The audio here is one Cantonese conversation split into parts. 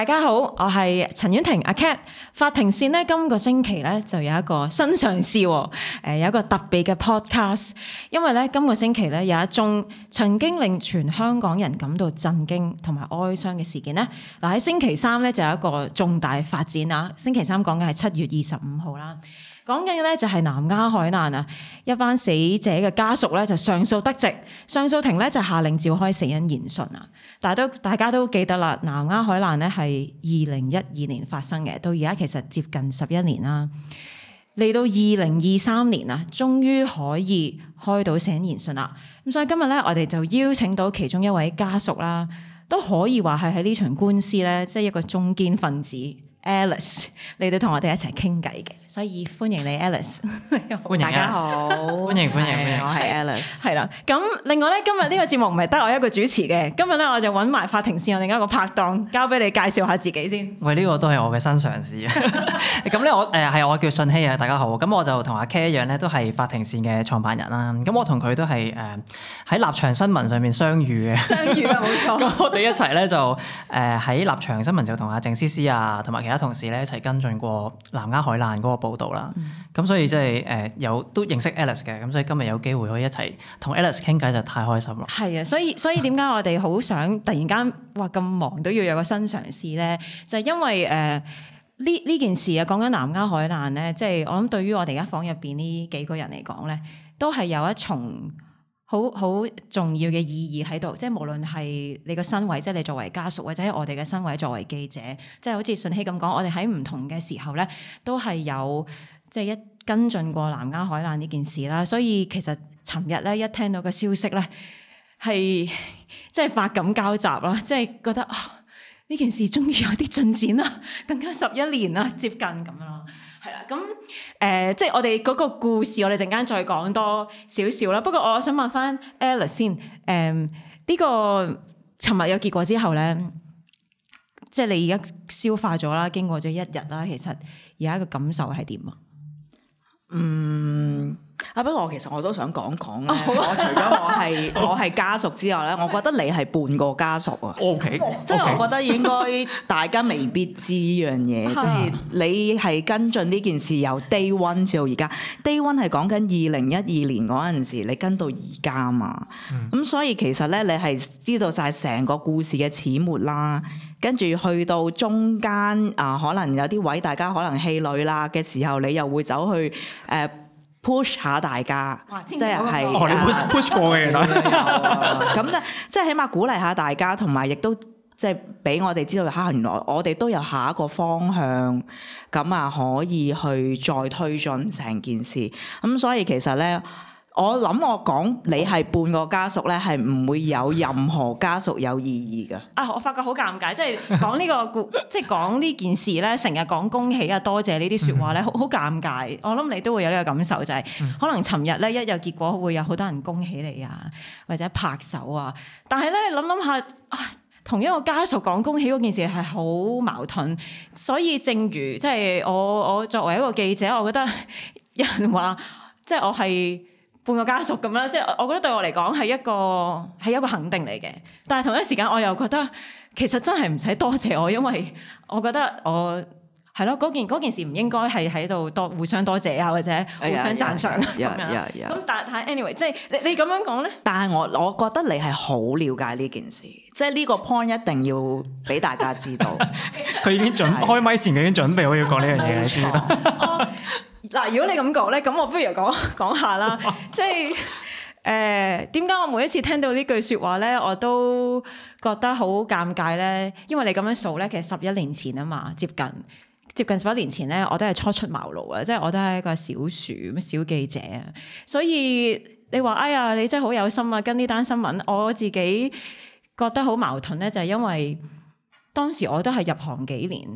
大家好，我係陳婉婷阿 Cat，啊。法庭線咧今個星期咧就有一個新嘗試、哦，誒、呃、有一個特別嘅 podcast。因為咧今個星期咧有一宗曾經令全香港人感到震驚同埋哀傷嘅事件咧。嗱、呃、喺星期三咧就有一個重大發展啦。星期三講嘅係七月二十五號啦。講緊嘅咧就係南丫海難啊，一班死者嘅家屬咧就上訴得直。上訴庭咧就下令召開死因研訊啊。大家都大家都記得啦，南丫海難咧係二零一二年發生嘅，到而家其實接近十一年啦。嚟到二零二三年啊，終於可以開到死因研訊啦。咁所以今日咧，我哋就邀請到其中一位家屬啦，都可以話係喺呢場官司咧，即係一個中堅分子 Alice 嚟到同我哋一齊傾偈嘅。所以歡迎你，Alice。 你好歡迎、啊、大家好，歡迎歡迎歡迎，是歡迎我係 Alice。係啦，咁另外咧，今日呢個節目唔係得我一個主持嘅，今日咧我就揾埋法庭線我另一個拍檔，交俾你介紹下自己先。喂，呢、呢個都係我嘅新嘗試啊！咁咧 我誒係、呃、我叫信希啊，大家好。咁我就同阿 K 一樣咧，都係法庭線嘅創辦人啦。咁我同佢都係誒喺立場新聞上面相遇嘅。相遇啊，冇錯。 我哋一齊咧就誒喺、呃、立場新聞就同阿鄭思思啊，同埋其他同事咧一齊跟進過南丫海難嗰報道啦，咁、嗯、所以即係誒有都認識 Alice 嘅，咁所以今日有機會可以一齊同 Alice 傾偈就太開心啦。係啊，所以所以點解我哋好想突然間哇咁忙都要有個新嘗試呢？就係、是、因為誒呢呢件事啊，講緊南丫海難呢，即、就、係、是、我諗對於我哋而家房入邊呢幾個人嚟講呢，都係有一重。好好重要嘅意義喺度，即係無論係你個身位，即係你作為家屬，或者我哋嘅身位作為記者，即係好似順熙咁講，我哋喺唔同嘅時候呢，都係有即係一跟進過南丫海難呢件事啦。所以其實尋日呢，一聽到個消息呢，係即係百感交集啦，即係覺得啊，呢，哦，呢件事終於有啲進展啦，更加十一年啦，接近咁啦。係啦，咁誒、呃，即係我哋嗰個故事，我哋陣間再講多少少啦。不過我想問翻 Alice 先，誒、呃、呢、呢個尋日有結果之後咧，即係你而家消化咗啦，經過咗一日啦，其實而家嘅感受係點啊？嗯。不過，我其實說說 我都想講講咧。我除咗我係我係家屬之外咧，我覺得你係半個家屬啊。O Okay , K，okay. 即係我覺得應該大家未必知呢樣嘢，即係你係跟進呢件事， 是是件事由 Day One 至到而家。Day One 係講緊二零一二年嗰陣時，你跟到而家嘛。咁、嗯、所以其實咧，你係知道晒成個故事嘅始末啦。跟住去到中間啊、呃，可能有啲位大家可能氣餒啦嘅時候，你又會走去誒。呃 push 下大家，即係係，啊、哦你 push、啊、push push 過嘅原來，咁咧、啊、即係起碼鼓勵下大家，同埋亦都即係俾我哋知道嚇，原來我哋都有下一個方向，咁啊可以去再推進成件事，咁所以其實咧。我諗我講你係半個家屬呢係唔會有任何家屬有異議㗎。啊！我發覺好尷尬，即係講呢個故， 即係講呢件事呢成日講恭喜啊、多謝呢啲説話呢好好尷尬。我諗你都會有呢個感受，就係、是、可能尋日呢一有結果會有好多人恭喜你啊，或者拍手啊。但係呢，諗諗下啊，同一個家屬講恭喜嗰件事係好矛盾。所以正如即係、就是、我我作為一個記者，我覺得有人話即係、就是、我係。半個家屬咁啦，即係我覺得對我嚟講係一個係一個肯定嚟嘅，但係同一時間我又覺得其實真係唔使多謝我，因為我覺得我。係咯，嗰件件事唔應該係喺度多互相多謝啊，或者互相讚賞，咁但係 anyway，即係你你咁樣講咧。但係我我覺得你係好了解呢件事，即係呢個 point 一定要俾大家知道。佢 已經準的開麥前已經準備好要講呢樣嘢先啦。嗱，如果你咁講咧，咁我不如講講下啦。即係誒，點、呃、解我每一次聽到句呢句説話咧，我都覺得好尷尬咧？因為你咁樣數咧，其實十一年前啊嘛，接近。接近十一年前咧，我都係初出茅廬。啊，即係我都係一個小薯、小記者啊。所以你話哎呀，你真係好有心啊，跟呢單新聞，我自己覺得好矛盾咧，就係、是、因為當時我都係入行幾年，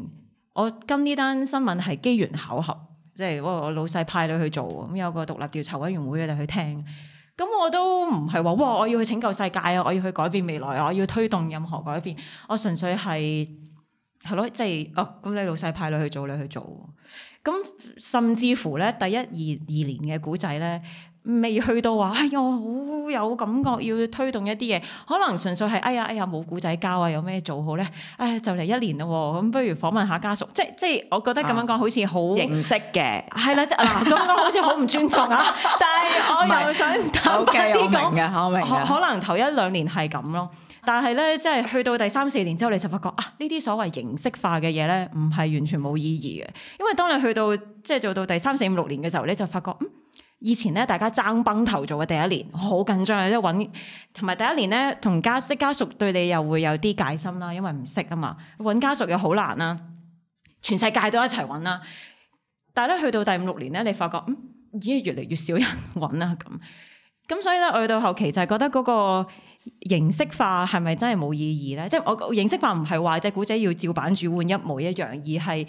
我跟呢單新聞係機緣巧合，即、就、係、是、我老細派你去做，咁有個獨立調查委員會你去聽，咁我都唔係話哇，我要去拯救世界啊，我要去改變未來啊，我要推動任何改變，我純粹係。係咯， 即係哦，咁你老細派你去做你去做，咁甚至乎咧第一二二年嘅古仔咧，未去到話，哎呀，好有感覺要推動一啲嘢，可能純粹係，哎呀，哎呀，冇古仔交啊，有咩做好咧？唉、哎，就嚟一年咯，咁不如訪問下家屬，即即係我覺得咁樣講好似、啊就是、好認識嘅，係啦，嗱，咁樣好似好唔尊重啊， 但係我又想投啲咁嘅，我明，可能頭一兩年係咁咯。 但係咧，即係去到第三四年之後，你就發覺啊，呢啲所謂形式化嘅嘢咧，唔係完全冇意義嘅。因為當你去到即係做到第三四五六年嘅時候，你就發覺嗯，以前咧大家爭崩頭做嘅第一年好緊張，即係揾同埋第一年咧，同家即係家屬對你又會有啲戒心啦，因為唔識啊嘛，揾家屬又好難啦，全世界都一齊揾啦。但係咧，去到第五六年咧，你發覺已經、嗯、越嚟越少人揾啦，啊，咁咁所以咧，我去到後期就係覺得嗰、嗰個。形式化係咪真係冇意義咧？即係我形式化唔係話隻古仔要照板煮換一模一樣，而係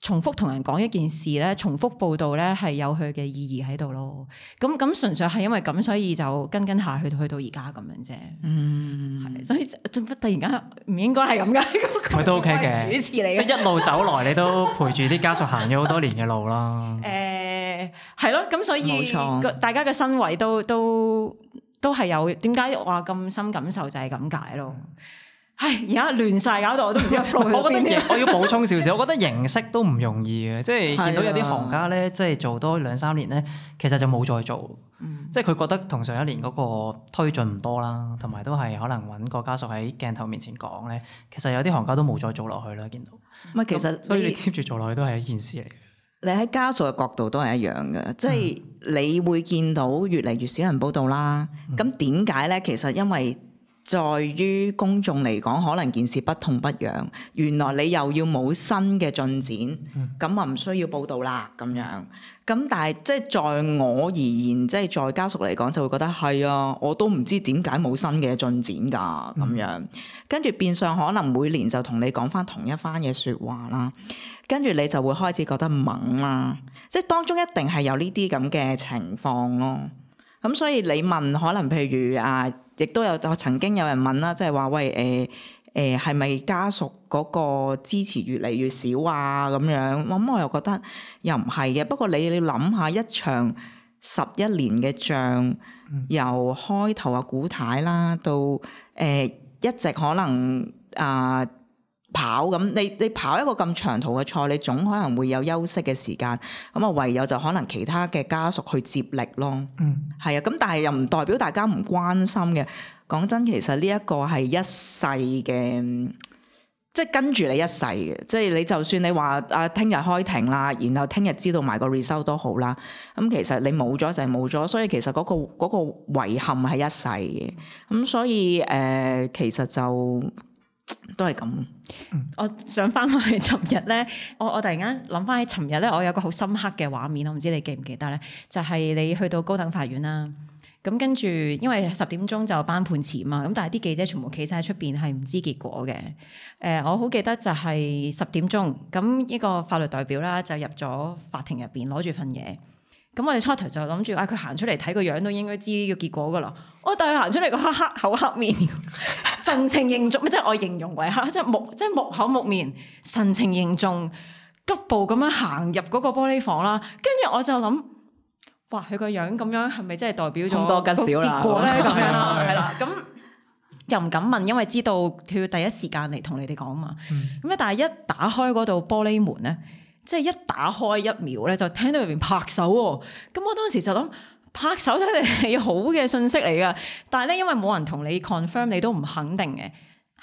重複同人講一件事咧，重複報道咧係有佢嘅意義喺度咯。咁咁純粹係因為咁，所以就跟跟下去去到而家咁樣啫。嗯，所以突然間唔應該係咁嘅。佢都 OK 嘅，主持嚟一路走來，你都陪住啲家屬行咗好多年嘅路啦。誒、呃，係咯。咁所以錯大家嘅身位都都。都都都係有點解話咁深感受就係咁解咯。嗯、唉，而家亂晒搞到我都唔記 得落去邊。我覺得我要補充少少， 我覺得形式都唔容易嘅，即係見到有啲行家咧，即係做多兩三年咧，其實就冇再做，嗯、即係佢覺得同上一年嗰個推進唔多啦，同埋都係可能揾個家屬喺鏡頭面前講咧，其實有啲行家都冇再做落去啦。見到唔係其實，所以你 keep 住做落去都係一件事嚟。你喺家屬嘅角度都係一樣嘅，即係你會見到越嚟越少人報道啦。咁點解咧？其實因為。在於公眾嚟講，可能件事不痛不癢。原來你又要冇新嘅進展，咁啊唔需要報道啦咁樣。咁但係即係在我而言，即係在家屬嚟講，就會覺得係啊，我都唔知點解冇新嘅進展㗎咁樣。跟住、嗯、變相可能每年就同你講翻同一番嘅説話啦。跟住你就會開始覺得悶啦。即係當中一定係有呢啲咁嘅情況咯。咁所以你問可能譬如啊，亦都有曾經有人問啦，即係話喂，誒誒係咪家屬嗰個支持越嚟越少啊咁樣？咁我又覺得又唔係嘅。不過你你諗下一場十一年嘅仗，嗯、由開頭阿古太啦到誒、呃、一直可能啊～、呃跑咁，你你跑一個咁長途嘅賽，你總可能會有休息嘅時間。咁啊，唯有就可能其他嘅家屬去接力咯。嗯，係啊。咁但係又唔代表大家唔關心嘅。講真，其實呢一個係一世嘅，即係跟住你一世嘅。即係你就算你話啊，聽日開庭啦，然後聽日知道埋個 result 都好啦。咁其實你冇咗就係冇咗，所以其實嗰個嗰個遺憾係一世嘅。咁所以誒、呃，其實就。都係咁，嗯、我想翻去尋日呢，我我突然間諗翻起尋日呢，我有個好深刻嘅畫面，我唔知你記唔記得呢，就係、是、你去到高等法院啦，咁跟住因為十點鐘就頒判詞啊嘛，咁但係啲記者全部企晒喺出邊係唔知結果嘅，誒、呃，我好記得就係十點鐘，咁呢個法律代表啦就入咗法庭入邊攞住份嘢。咁我哋初頭就諗住，啊佢行出嚟睇個樣都應該知個結果噶啦。我、哦、但係行出嚟個黑口黑面，神情凝重，即係我形容為黑，即係木即係木口木面，神情凝重，急步咁樣行入嗰個玻璃房是是啦。跟住我就諗，哇佢個樣咁樣係咪即係代表咗凶多吉少咧？咁樣係啦，咁 又唔敢問，因為知道佢要第一時間嚟同你哋講嘛。咁咧，但係一打開嗰度玻璃門咧。即係一打開一秒咧，就聽到入邊拍手喎、哦。咁我當時就諗拍手咧係好嘅信息嚟噶。但係咧因為冇人同你 confirm，你都唔肯定嘅。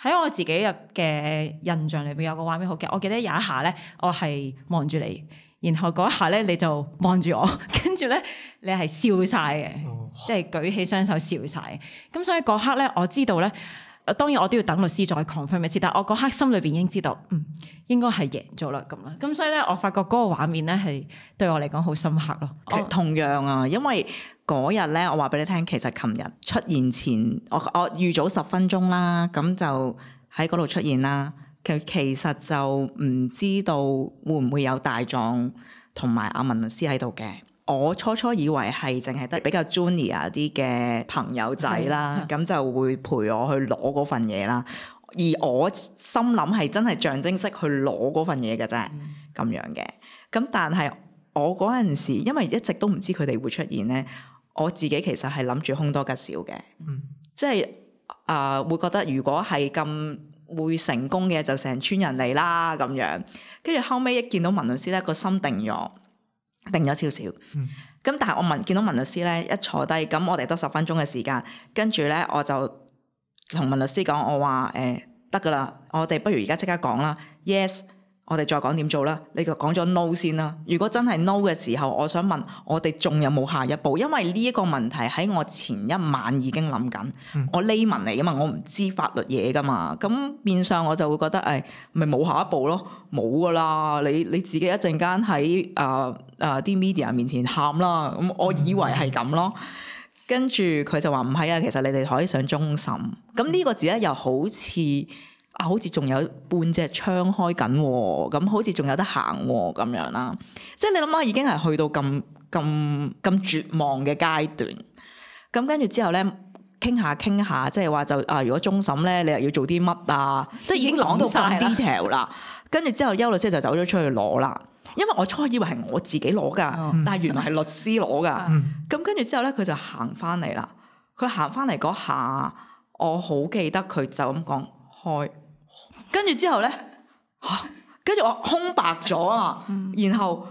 喺我自己入嘅印象裏邊有個畫面好嘅，我記得有一下咧，我係望住你，然後嗰一下咧你就望住我，跟住咧你係笑晒嘅，哦、即係舉起雙手笑晒。咁、嗯、所以嗰刻咧我知道咧。啊當然我都要等律師再 confirm 一次，但我嗰刻心裏邊已經知道，嗯，應該係贏咗啦咁啦，咁所以呢，我發覺嗰個畫面呢係對我嚟講好深刻咯。其我同樣啊，因為嗰日呢，我話俾你聽，其實琴日出現前，我我預早十分鐘啦，咁就喺嗰度出現啦。佢其實就唔知道會唔會有大狀同埋阿文律師喺度嘅。我初初以為係淨係得比較 junior 啲嘅朋友仔啦，咁的就會陪我去攞嗰份嘢啦。而我心諗係真係象徵式去攞嗰份嘢嘅啫，咁、嗯、樣嘅。咁但係我嗰陣時，因為一直都唔知佢哋會出現呢，我自己其實係諗住凶多吉少嘅，嗯、即係啊、呃、會覺得如果係咁會成功嘅就成村人嚟啦咁樣。跟住後尾一見到文律師呢、個心定咗。定咗少少，咁、嗯、但係我聞見到文律師咧一坐低，咁我哋得十分鐘嘅時間，跟住咧我就同文律師講，我話誒得㗎啦，我哋不如而家即刻講啦，yes。我哋再講點做啦？你就講咗 no 先啦。如果真係 no 嘅時候，我想問我哋仲有冇下一步？因為呢一個問題喺我前一晚已經諗緊、嗯。我 layman 嚟噶嘛，我唔知法律嘢噶嘛。咁變相我就會覺得誒，咪、哎、冇下一步咯，冇噶啦。你你自己一陣間喺誒誒啲 media 面前喊啦。咁我以為係咁咯。嗯、跟住佢就話唔係啊，其實你哋可以上終審。咁呢個字咧，又好似。啊，好似仲有半隻窗開緊喎，咁好似仲有得行喎，咁樣啦，即係你諗下已經係去到咁咁咁絕望嘅階段，咁跟住之後呢，傾下傾下，即係話就啊，如果終審呢，你又要做啲乜啊？即係已經講到咁 detail 啦。跟住之後，邱律師就走咗出去攞啦，因為我初以為係我自己攞㗎，嗯、但係原來係律師攞㗎。咁跟住之後呢，佢就行翻嚟啦。佢行翻嚟嗰下，我好記得佢就咁講開。跟住之後咧，吓，跟住我空白咗啊，然後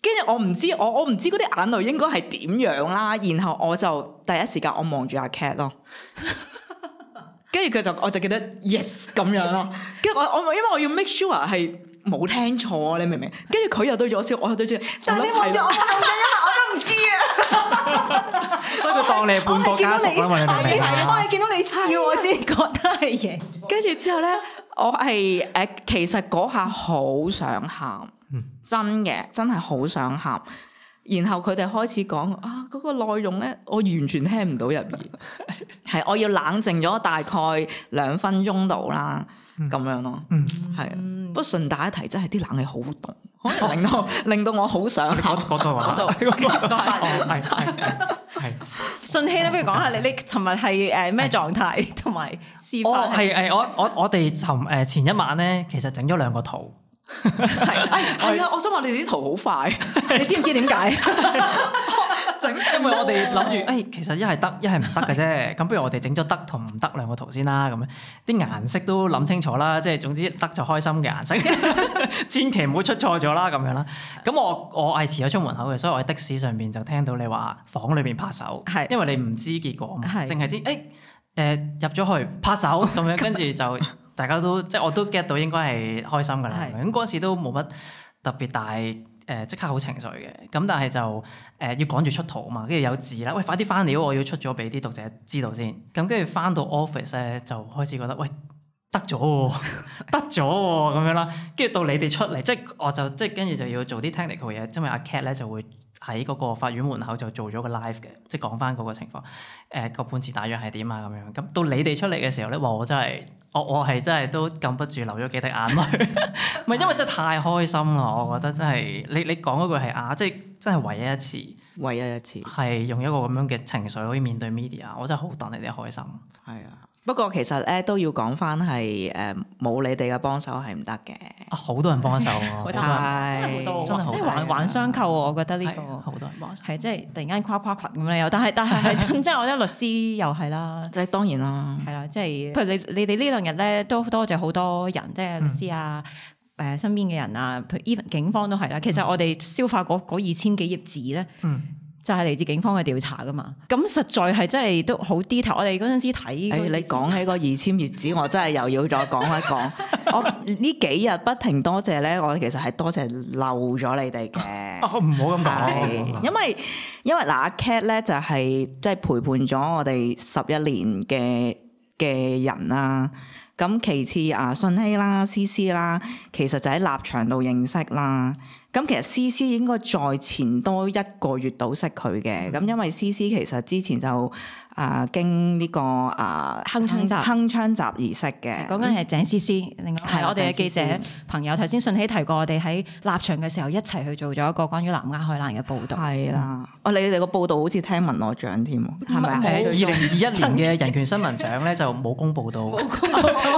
跟住我唔知我我唔知嗰啲眼淚應該係點樣啦，然後我就第一時間我望住阿 Cat 咯，跟住佢就我就記得 yes 咁樣咯，跟住我我因為我要 make sure 係冇聽錯，你明唔明？跟住佢又對住我笑，我又對住，但係你望住我笑一下，我都唔知啊，所以佢當你係半個家屬啊嘛，你明唔明？我係見到你笑，我先覺得係贏，跟住之後咧。我係誒，其實嗰下好想喊，真嘅，真係好想喊。然後佢哋開始講啊，嗰個內容呢，我完全聽唔到入耳。係，我要冷靜咗大概兩分鐘度啦，咁樣咯。嗯，係。不過順帶一提，真係啲冷氣好凍，令到令到我好想喊。嗰度話，嗰度都係。係係係。順希咧，不如講下你你尋日係誒咩狀態同埋？我係我我我哋尋誒前一晚咧，其實整咗兩個圖。係，係啊！我想話你哋啲圖好快，你知唔知點解？因為我哋諗住誒，其實一係得，一係唔得嘅啫。咁不如我哋整咗得同唔得兩個圖先啦。咁樣啲顏色都諗清楚啦。即係總之得就開心嘅顏色，千祈唔好出錯咗啦。咁樣啦。咁我我係遲咗出門口嘅，所以我喺的士上邊就聽到你話房裏邊拍手。係，因為你唔知結果嘛，淨係知誒。入咗、呃、去拍手咁樣，跟住就大家都 即係我都 get 到應該係開心㗎啦。咁嗰陣時都冇乜特別大誒即刻好情緒嘅。咁但係就誒、呃、要趕住出圖啊嘛，跟住有字啦，喂，快啲翻嚟我要出咗俾啲讀者知道先。咁跟住翻到 office 咧就開始覺得喂得咗喎、啊、 得咗喎咁樣啦。跟住到你哋出嚟即係我就即係跟住就要做啲 technical 嘢，因為阿 Cat 咧就會。喺嗰個法院門口就做咗個 live 嘅，即係講翻嗰個情況，誒，個判詞大約係點啊咁樣。咁到你哋出嚟嘅時候咧，話我真係～我我係真係都禁不住流咗幾滴眼淚，唔係因為真係太開心啦！我覺得真係你你講嗰句係啊，即係真係唯一一次，唯一一次係用一個咁樣嘅情緒可以面對 media，我真係好戥你哋開心。係啊，不過其實咧都要講翻係誒，冇你哋嘅幫手係唔得嘅。啊，好多人幫手，係真係好多，即係環環相扣喎。我覺得呢個好多人幫手係真係突然間誇夸群咁樣又，但係但係真即係我啲律師又係啦。誒，當然啦，係啦，即係譬如你你哋呢兩。咧都多謝好多人，即係律師啊，誒、嗯、身邊嘅人啊，佢 even 警方都係啦。其實我哋消化嗰二千幾頁紙咧，嗯、就係嚟自警方嘅調查噶嘛。咁實在係真係都好 detail。我哋嗰陣時睇，誒、你講起個二千頁紙， 我真係又要再講一講。 我呢幾日不停多謝咧，我其實係多謝漏咗你哋嘅。唔好咁講，因為因為嗱阿 Cat 咧就係即係陪伴咗我哋十一年嘅嘅人啦。咁其次啊，信熙啦、思思啦，其實就喺立場度認識啦。咁其實 C C 應該再前多一個月倒識佢嘅，咁因為 C C 其實之前就啊經呢個啊鏗鏘集鏗鏘集儀式嘅，講緊係鄭 C C，另外係我哋嘅記者朋友頭先信喜提過，我哋喺立場嘅時候一齊去做咗一個關於南丫海難嘅報導，係啦，哦你哋個報導好似聽聞攞獎添，係咪？喺二零二一年嘅人權新聞獎咧就冇公布到，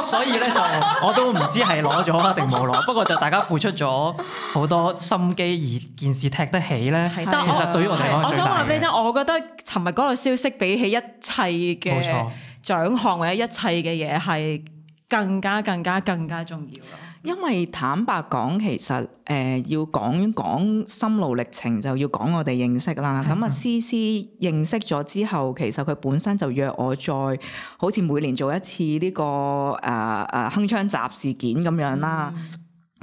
所以咧就我都唔知係攞咗定冇攞，不過就大家付出咗好多。心機而件事踢得起咧，的其實對於我哋，我想話俾你聽，我覺得尋日嗰個消息比起一切嘅獎項錯或者一切嘅嘢係更加更加更加重要。因為坦白講，其實誒、呃、要講講心路歷程，就要講我哋認識啦。咁啊的，思思認識咗之後，其實佢本身就約我再好似每年做一次呢、這個誒誒、呃呃、鏗鏘集事件咁樣啦。嗯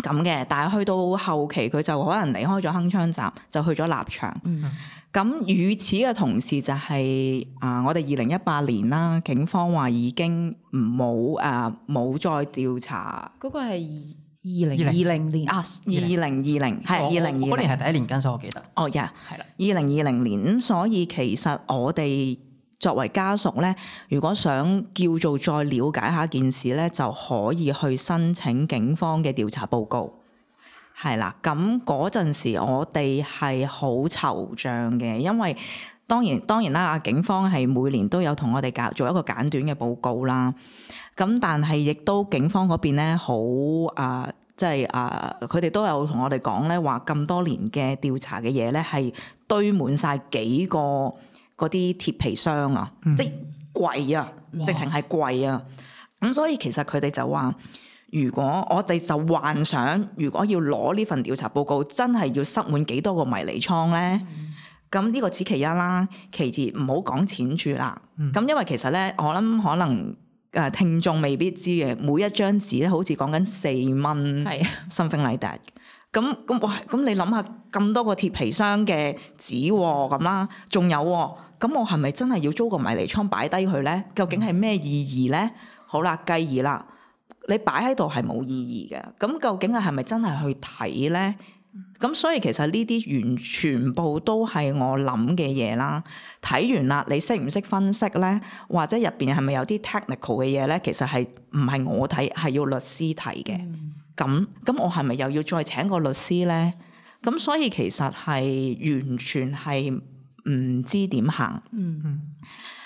咁嘅，但係去到後期佢就可能離開咗鏗鏘集，就去咗立場。咁、嗯嗯、與此嘅同時就係、是、啊、呃，我哋二零一八年啦，警方話已經冇誒冇再調查。嗰個係二零二零年啊，二零二零係二零二零年係第一年跟所我記得。哦、oh, yeah,，呀，啦，二零二零年咁，所以其實我哋。作為家屬咧，如果想叫做再了解下件事咧，就可以去申請警方嘅調查報告，係啦。咁嗰陣時，我哋係好惆悵嘅，因為當然當然啦，啊警方係每年都有同我哋搞做一個簡短嘅報告啦。咁但係亦都警方嗰邊咧，好、呃、啊，即係啊，佢、呃、哋都有同我哋講咧，話咁多年嘅調查嘅嘢咧，係堆滿晒幾個嗰啲鐵皮箱啊，嗯、即櫃啊，直情係櫃啊，咁哇所以其實佢哋就話：如果我哋就幻想，如果要攞呢份調查報告，真係要塞滿幾多個迷你倉咧？咁呢、嗯、個此其一啦，其次唔好講錢住啦。咁、嗯、因為其實咧，我諗可能誒聽眾未必知嘅，每一張紙咧好似講緊四蚊，係呀，something like that。咁咁、like、哇，咁你諗下咁多個鐵皮箱嘅紙喎、啊，咁啦、啊，仲有、啊。咁我係咪真係要租個迷你倉擺低佢呢？究竟係咩意義呢？好啦，繼而啦，你擺喺度係冇意義嘅。咁究竟係咪真係去睇呢？咁所以其實呢啲完全部都係我諗嘅嘢啦。睇完啦，你識唔識分析呢？或者入邊係咪有啲 technical 嘅嘢呢？其實係唔係我睇，係要律師睇嘅？咁咁我係咪又要再請個律師呢？咁所以其實係完全係。唔知點行，嗯嗯，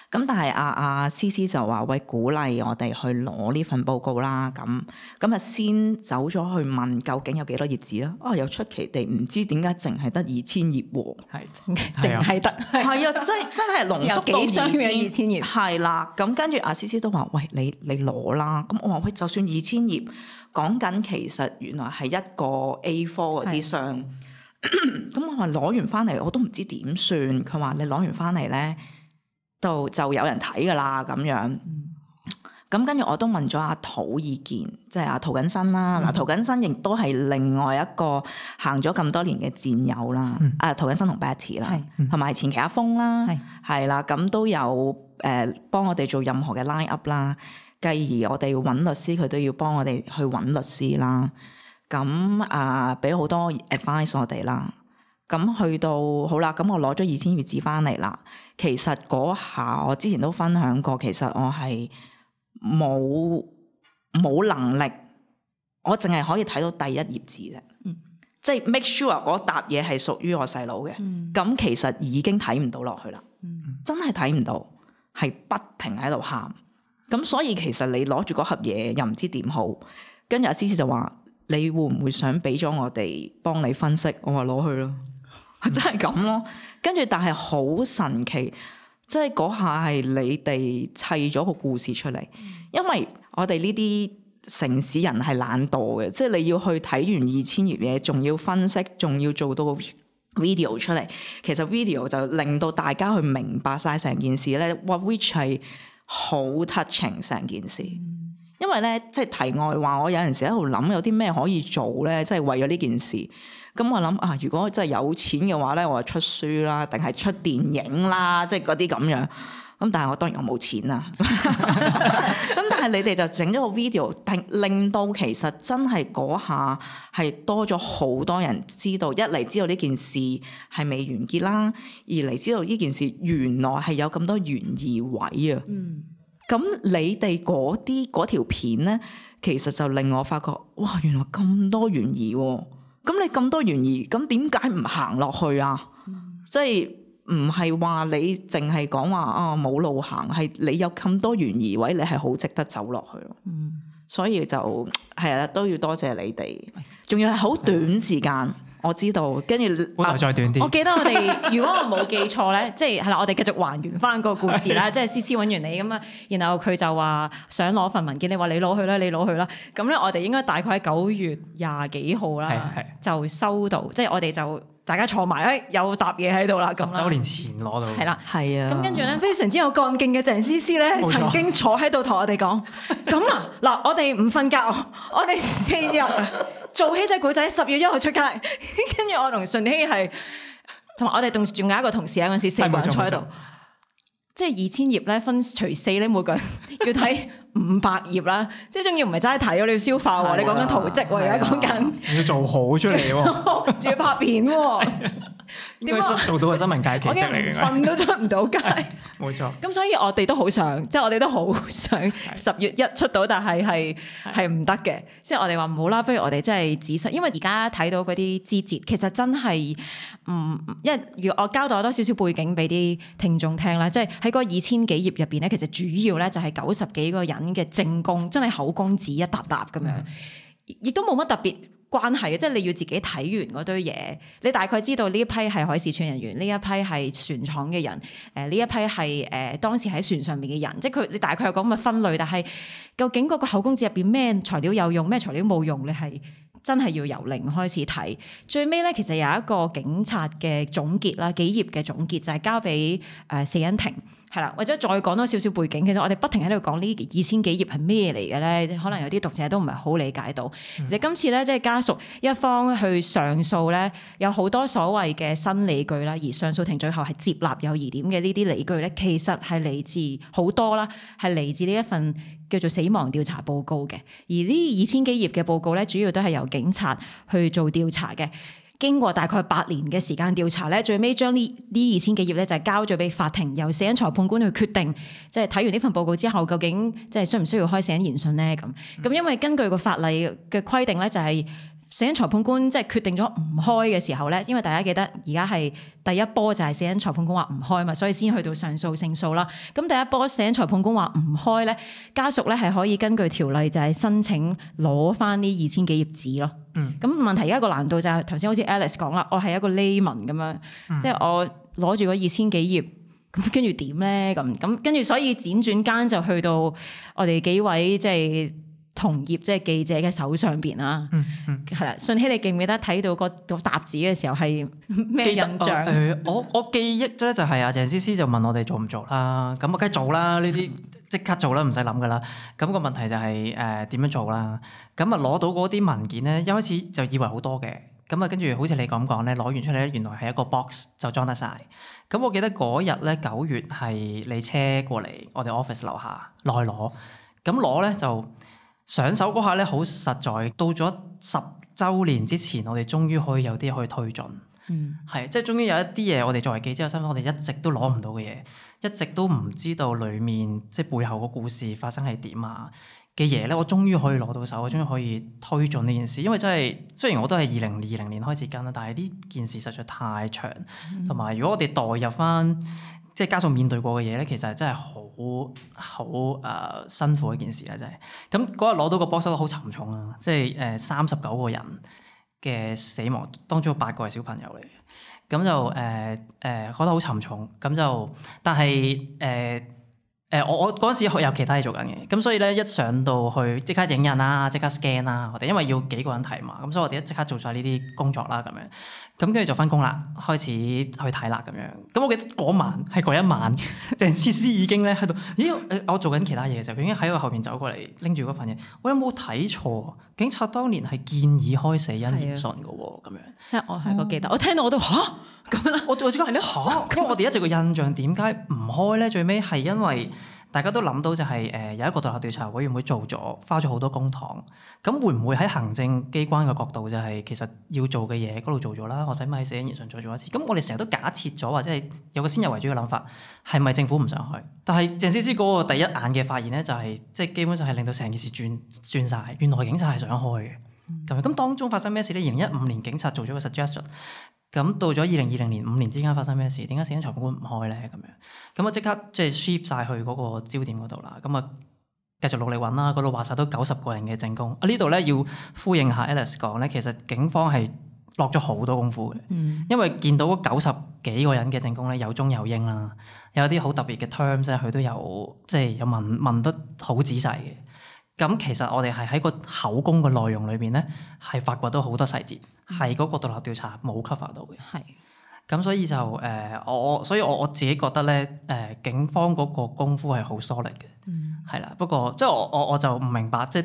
咁、嗯、但係阿阿思思就話：喂，鼓勵我哋去攞呢份報告啦。咁咁啊，先走咗去問究竟有幾多頁紙啦。哦，又出奇地唔知點解，淨係得二千頁喎。係，淨係得係啊，真真係濃縮到二千頁。係啦，咁跟住阿思思都話：喂，你你攞啦。咁我話：喂，就算二千頁，講緊其實原來係一個 A4 嗰啲箱。咁我話攞完翻嚟，我都唔知點算。佢話你攞完翻嚟咧，就就有人睇噶啦咁樣。咁、嗯、跟住我都問咗阿陶意見，即係阿陶錦新啦。嗱、嗯，陶錦新亦都係另外一個行咗咁多年嘅戰友啦。嗯、啊，陶錦新同 Betty 啦，同埋、嗯、前期阿峰啦，係是啦，咁都有誒幫、呃、我哋做任何嘅 line up 啦。繼而我哋要揾律師，佢都要幫我哋去揾律師啦。咁啊，俾好多 advice 我哋啦。咁去到好啦，咁我攞咗二千頁紙返嚟啦。其實嗰下我之前都分享過，其實我係冇冇能力，我淨係可以睇到第一頁紙啫。嗯，即係 make sure 嗰沓嘢係屬於我細佬嘅。嗯，咁其實已經睇唔到落去啦。嗯，真係睇唔到，係不停喺度喊。咁所以其實你攞住嗰盒嘢又唔知點好。跟住阿思思就話。你會唔會想俾咗我哋幫你分析？我話攞去咯，嗯、真係咁咯。跟住，但係好神奇，即係嗰下係你哋砌咗個故事出嚟。因為我哋呢啲城市人係懶惰嘅，即係你要去睇完二千頁嘢，仲要分析，仲要做到個 video 出嚟。其實 video 就令到大家去明白晒成件事咧，what which 係好 touching 成件事。因為咧，即係題外話，我有陣時喺度諗有啲咩可以做咧，即係為咗呢件事。咁我諗啊，如果真係有錢嘅話咧，我就出書啦，定係出電影啦，即係嗰啲咁樣。咁但係我當然我冇錢啊。咁 但係你哋就整咗個 video，令令到其實真係嗰下係多咗好多人知道。一嚟知道呢件事係未完結啦，二嚟知道呢件事原來係有咁多懸疑位啊。嗯。咁你哋嗰啲嗰條片呢，其實就令我發覺，哇，原來咁多懸疑喎，啊！咁你咁多懸疑，咁點解唔行落去啊？即係唔係話你淨係講話啊冇路行，係你有咁多懸疑位，你係好值得走落去咯，啊。嗯，所以就係啦，都要多謝你哋，仲要係好短時間。我知道，跟住、啊、再短啲。 我記得我哋，如果我冇記錯咧， 即係係啦，我哋繼續還原翻個故事啦，的即係思思揾完你咁啊，然後佢就話想攞份文件，你話你攞去啦，你攞去啦，咁咧我哋應該大概喺九月廿幾號啦，的就收到，即係我哋就。大家坐埋，哎，有沓嘢喺度啦，咁。九年前攞到。係啦，係啊。咁、嗯、跟住咧，非常之有幹勁嘅鄭思思咧，錯曾經坐喺度同我哋講：咁 啊，嗱，我哋唔瞓覺，我哋四做起 日做起隻古仔，十月一號出街，跟住我同順希係，同埋我哋仲仲有一個同事啊，嗰陣時四個人坐喺度，即係二千頁咧分除四咧，每個人要睇。 五百頁啦，即係仲要唔係齋睇咯，你要消化喎。的你講緊圖籍喎，而家講緊，的仲要做好出嚟喎，仲 要拍片喎。 點解出做到個新聞界嘅啫？你瞓都出唔到街， 冇沒錯。咁所以我哋都好想，即、就、係、是、我哋都好想十月一出到，但係係係唔得嘅。即係是的 我哋話唔好啦，不如我哋真係指細，因為而家睇到嗰啲枝節，其實真係唔一如我交代多少少背景俾啲聽眾聽啦。即係喺嗰二千幾頁入邊咧，其實主要咧就係九十幾個人嘅證供，真係口供紙一沓沓咁樣，亦都冇乜特別。關係嘅，即係你要自己睇完嗰堆嘢，你大概知道呢一批係海事處人員，呢一批係船廠嘅人，誒呢一批係誒、呃、當時喺船上面嘅人，即係佢你大概有講咁嘅分類，但係究竟嗰個口供紙入邊咩材料有用，咩材料冇用，你係真係要由零開始睇。最尾呢，其實有一個警察嘅總結啦，幾頁嘅總結就係、是、交俾誒死因庭。係啦，或者再講多少少背景，其實我哋不停喺度講呢啲二千幾頁係咩嚟嘅咧，可能有啲讀者都唔係好理解到。其實今次咧，即係家屬一方去上訴咧，有好多所謂嘅新理據啦，而上訴庭最後係接納有疑點嘅呢啲理據咧，其實係嚟自好多啦，係嚟自呢一份叫做死亡調查報告嘅。而呢二千幾頁嘅報告咧，主要都係由警察去做調查嘅。經過大概八年嘅時間調查咧，最尾將呢呢二千幾頁咧就係、是、交咗俾法庭，由死因裁判官去決定，即係睇完呢份報告之後，究竟即係需唔需要開死因研訊咧？咁咁因為根據個法例嘅規定咧，就係、是。死因裁判官即係決定咗唔開嘅時候咧，因為大家記得而家係第一波就係死因裁判官話唔開嘛，所以先去到上訴勝訴啦。咁第一波死因裁判官話唔開咧，家屬咧係可以根據條例就係申請攞翻呢二千幾頁紙咯。嗯。咁問題而家個難度就係頭先好似 Alice 講啦，我係一個 layman 咁樣，即係、嗯、我攞住個二千幾頁，咁跟住點咧？咁咁跟住所以輾轉間就去到我哋幾位即係。就是同業即係、就是、記者嘅手上邊啦，係啦、嗯嗯。信熙你記唔記得睇到個個沓紙嘅時候係咩印象？哦呃、我我記憶咧就係阿鄭思思就問我哋做唔做啦，咁、啊、我梗係做啦呢啲，即、嗯、刻做啦，唔使諗㗎啦。咁、那個問題就係誒點樣做啦？咁啊攞到嗰啲文件咧，一開始就以為多就好多嘅，咁啊跟住好似你咁講咧，攞完出嚟咧，原來係一個 box 就裝得晒。咁我記得嗰日咧九月係你車過嚟我哋 office 樓下內攞，咁攞咧就呢。就上手嗰下咧好實在，到咗十週年之前，我哋終於可以有啲可以推進。嗯，係，即係終於有一啲嘢，我哋作為記者身份，我哋一直都攞唔到嘅嘢，一直都唔知道裡面即係背後個故事發生係點啊嘅嘢咧，我終於可以攞到手，我終於可以推進呢件事。因為真係，雖然我都係二零二零年開始跟啦，但係呢件事實在太長，同埋、嗯、如果我哋代入翻。即係家屬面對過嘅嘢咧，其實真係好好誒辛苦一件事啦，真係。咁嗰日攞到個波，都好沉重啊，即係誒三十九個人嘅死亡，當中有八個係小朋友嚟嘅，咁就誒誒、呃呃、覺得好沉重。咁就但係誒。嗯呃誒、呃、我我嗰陣時學有其他嘢做緊嘅，咁所以咧一上到去即刻影印啦，即刻 scan 啦，我哋因為要幾個人睇嘛，咁所以我哋一即刻做晒呢啲工作啦，咁樣，咁跟住就翻工啦，開始去睇啦咁樣。咁我記得嗰晚係嗰一晚，鄭思思已經咧喺度，咦我做緊其他嘢嘅時候，佢已經喺我後邊走過嚟拎住嗰份嘢，我有冇睇錯？警察當年係建議開死因研訊嘅喎，咁樣。我係個記得，我聽到我都嚇。咁咧，我我只講係咩？嚇、啊，因為 我哋一直個印象點解唔開咧？最尾係因為大家都諗到就係、是、誒、呃、有一個獨立調查委員會做咗，花咗好多公帑。咁會唔會喺行政機關嘅角度就係、是、其實要做嘅嘢嗰度做咗啦？我使咪喺紙面上再做一次？咁我哋成日都假設咗或者係有個先入為主嘅諗法，係咪政府唔想開？但係鄭思思嗰個第一眼嘅發現咧、就是，就係即係基本上係令到成件事轉轉曬。原來警察係想開嘅。咁咁、嗯、當中發生咩事咧？二零一五年警察做咗個 suggestion，咁到咗二零二零年，五年之間發生咩事？點解死因裁判官唔開咧？咁樣咁啊即刻即係 shift 晒去嗰個焦點嗰度啦。咁啊繼續努力揾啦。嗰度話晒都九十個人嘅證供。啊，呢度咧要呼應下 Alice 講咧，其實警方係落咗好多功夫嘅，嗯、因為見到嗰九十幾個人嘅證供咧，有中有英啦，有啲好特別嘅 terms 咧佢都有即係有問問得好仔細嘅。咁其實我哋係喺個口供嘅內容裏邊咧，係發掘到好多細節，係嗰、嗯、個獨立調查冇 cover 到嘅。係是，咁所以就誒、呃，我所以我我自己覺得咧，誒、呃、警方嗰個功夫係好疏忽嘅，係啦、嗯。不過即係我我我就唔明白，即係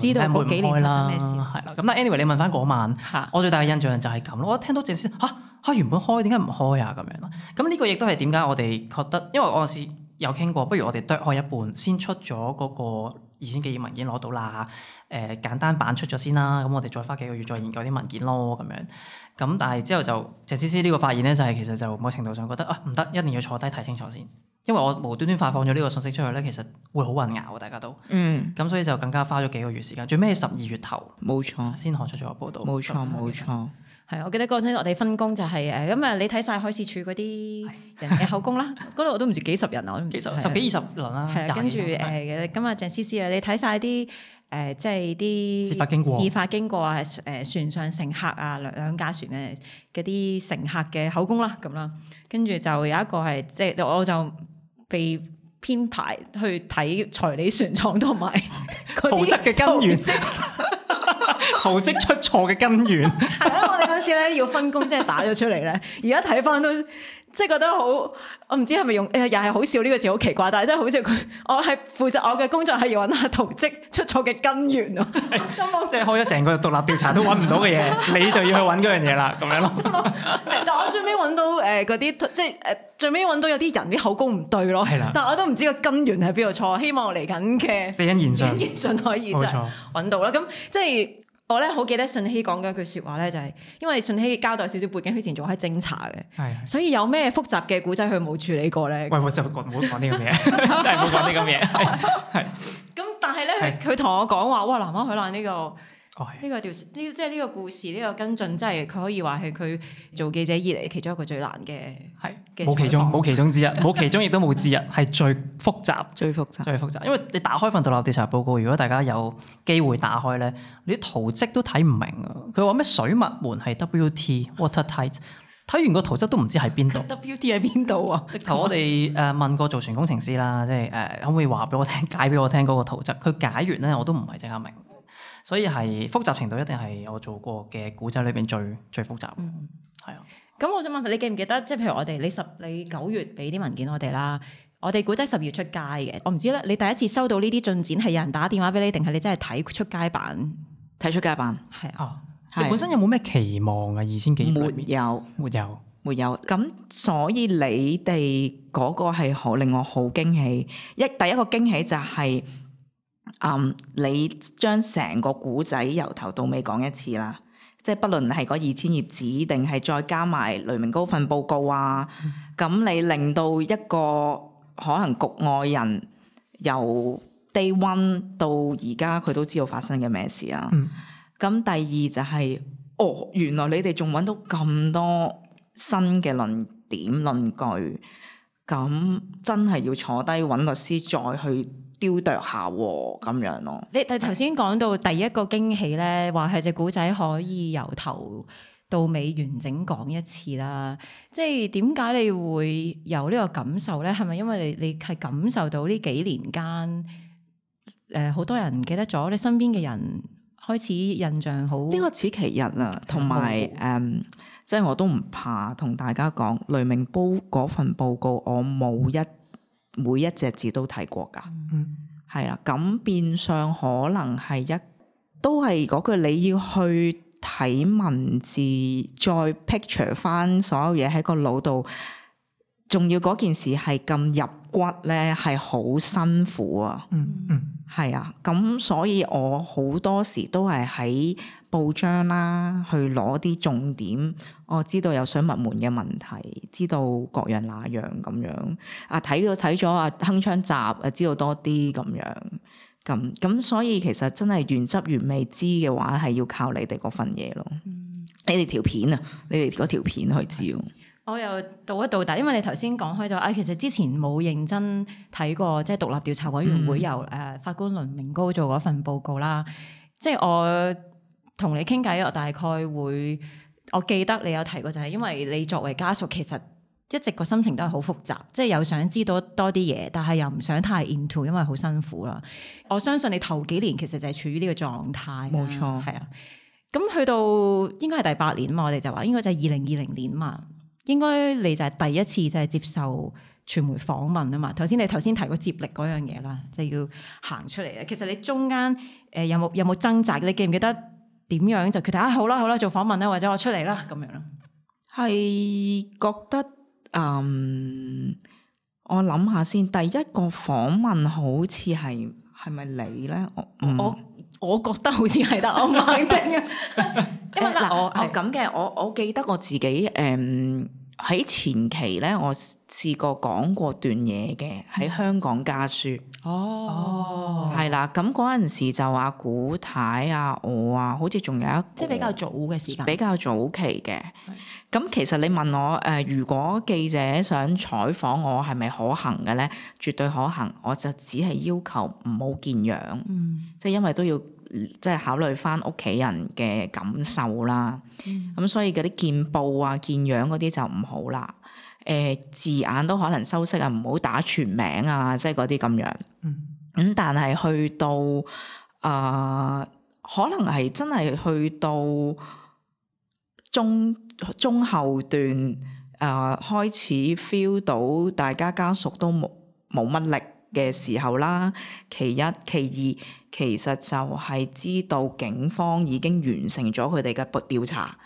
知道冇幾年發生咩事，係啦。咁但 anyway，你問翻嗰晚，啊、我最大嘅印象就係咁咯。我一聽到陣先嚇嚇原本開，點解唔開啊？咁樣啦。咁呢個亦都係點解我哋覺得，因為我有時有傾過，不如我哋剁開一半，先出咗嗰、那個。二千幾頁文件攞到啦，誒、呃、簡單版出咗先啦，咁我哋再花幾個月再研究啲文件咯，咁樣，咁但係之後就謝師師呢個發現咧，就係、是、其實就某程度上覺得啊唔得，一定要坐低睇清楚先，因為我無端端發放咗呢個信息出去咧，其實會好混淆、啊，大家都，嗯，咁所以就更加花咗幾個月時間，最尾十二月頭，冇錯，先刊出咗個報道，冇錯冇錯。係，我記得嗰陣我哋分工就係、是、誒，咁啊你睇晒海事處嗰啲人嘅口供啦，嗰度我都唔知幾十人幾十啊，我都唔知十十幾二十輪啦。係啊，跟住誒，咁啊鄭思思啊，啊嗯嗯、你睇晒啲誒，即係啲事發經過、嗯、事發經過啊，誒、呃、船上乘客啊，兩兩架船嘅嗰啲乘客嘅口供啦，咁啦，跟住就有一個係即係我就被編排去睇財利船廠同埋負責嘅根源。圖則出錯嘅根源，係 啊，我哋嗰時咧要分工，即係打咗出嚟咧。而家睇返都即係覺得好，我唔知係咪用誒又係好笑呢、這個字好奇怪，但係真係好似佢，我係負責我嘅工作係要揾下圖則出錯嘅根源、 嗯、即係開咗成個獨立調查都揾唔到嘅嘢， 你就要去揾嗰樣嘢啦，咁樣咯。但我最尾揾到誒嗰啲，即係誒、呃、最尾揾到有啲人啲口供唔對咯，係啦。但係我都唔知個根源係邊度錯，希望嚟緊嘅死因研訊研訊可以揾到啦。咁沒錯、嗯、即係。即我咧好記得順熙講嘅一句説話咧，就係、是、因為順熙交代少少背景，佢以前做開偵查嘅，的所以有咩複雜嘅古仔佢冇處理過咧。喂喂，那喂就唔好講呢咁嘢，真係唔好講呢咁嘢。係，咁但係咧，佢同我講話，哇，南丫海難呢個呢個條呢即係呢個故事呢，這個跟進，真係佢可以話係佢做記者以嚟其中一個最難嘅。係。冇其中冇其中之一，冇其中亦都冇之一，係 最複雜，最複雜，最複雜。 因為你打開份獨立調查報告，如果大家有機會打開咧，你啲圖則都睇唔明啊！佢話咩水密門係 W T Water Tight，睇完個圖則都唔知喺邊度。W T 喺邊度啊？直頭我哋誒問過造船工程師啦，即係誒可唔可以話俾我，我聽、解俾我聽嗰個圖則？佢解完咧，我都唔係即刻明。所以係複雜程度一定係我做過嘅古仔裏邊最最複雜。嗯，係啊。咁我想問你，記唔記得？即係譬如我哋，你十你九月俾啲文件我哋啦，我哋估計十月出街嘅。我唔知咧，你第一次收到呢啲進展，係有人打電話俾你，定係你真係睇出街版？睇出街版，係啊、哦。你本身有冇咩期望啊？二千幾年？沒有，沒有，沒有。咁所以你哋嗰個係好令我好驚喜。一第一個驚喜就係、是，嗯，你將成個古仔由頭到尾講一次啦。即係不論係個二千頁紙，定係再加埋雷明高份報告啊，咁、嗯、你令到一個可能局外人由 day one 到而家，佢都知道發生緊咩事啊。咁、嗯、第二就係、是、哦，原來你哋仲揾到咁多新嘅論點論據，咁真係要坐低揾律師再去。雕琢下喎，咁樣咯。你頭先講到第一個驚喜咧，話係隻古仔可以由頭到尾完整講一次啦。即係點解你會有呢個感受咧？係咪因為你你係感受到呢幾年間，誒、呃、好多人唔記得咗你身邊嘅人開始印象好。呢個此其一啦、啊，同埋誒，嗯嗯、即係我都唔怕同大家講，雷明煲嗰份報告我冇一，每一隻字都睇過㗎，係啦、嗯，咁變相可能係一都係嗰句，你要去睇文字，再 picture 返所有嘢喺個腦度，仲要嗰件事係咁入骨咧，係好辛苦啊，嗯嗯，係、嗯、啊，咁所以我好多時都係喺。報章啦，去攞啲重點，我、哦、知道有水密門嘅問題，知道各樣那樣咁樣啊，睇到睇咗啊，鏗鏘集啊，知道多啲咁樣咁咁、啊啊，所以其實真係原汁原味知嘅話，係要靠你哋嗰份嘢咯。嗯、你哋條片啊，你哋嗰條片去知。我又倒一倒底，因為你頭先講開就啊，其實之前冇認真睇過，即係獨立調查委員會由誒法官倫明高做嗰份報告啦，即係我。同你傾偈，我大概會，我記得你有提過就係、是、因為你作為家屬，其實一直個心情都係好複雜，即係又想知道多啲嘢，但係又唔想太 into，因為好辛苦啦。我相信你頭幾年其實就係處於呢個狀態，冇錯，係啊。咁去到應該係第八年嘛，我哋就話應該就係二零二零年嘛，應該你就係第一次就係接受傳媒訪問啊嘛。頭先你頭先提過接力嗰樣嘢啦，就是、要行出嚟啊。其實你中間誒、呃、有冇有冇掙扎？你記唔記得？點樣就決定啊？好啦好啦，做訪問啦，或者我出嚟啦，咁樣啦。係覺得嗯，我諗下先。第一個訪問好似係係咪你咧？我、嗯、我我覺得好似係得我唔肯定， 啊、 因為、欸、啦我是我咁嘅，我我記得我自己誒。嗯喺前期呢，我試過講過段嘢嘅，喺香港家書。哦，係啦，咁嗰陣時就話古太太啊，我啊，好似仲有一個即係比較早嘅時間，比較早期嘅。咁的其實你問我誒、呃，如果記者想採訪我係咪可行嘅呢？絕對可行，我就只係要求唔好見樣，即係、嗯、因為都要。即係考慮翻屋企人嘅感受啦，咁、嗯嗯、所以啲見報啊、見樣啲就唔好啦。誒、呃、字眼都可能修飾啊，唔好打全名啊，即係嗰啲咁樣。咁、嗯嗯、但係去到啊、呃，可能係真係去到中中後段啊、呃，開始 feel 到大家家屬都冇冇乜力嘅時候啦，其一其二，其實就係知道警方已經完成咗佢哋嘅調查，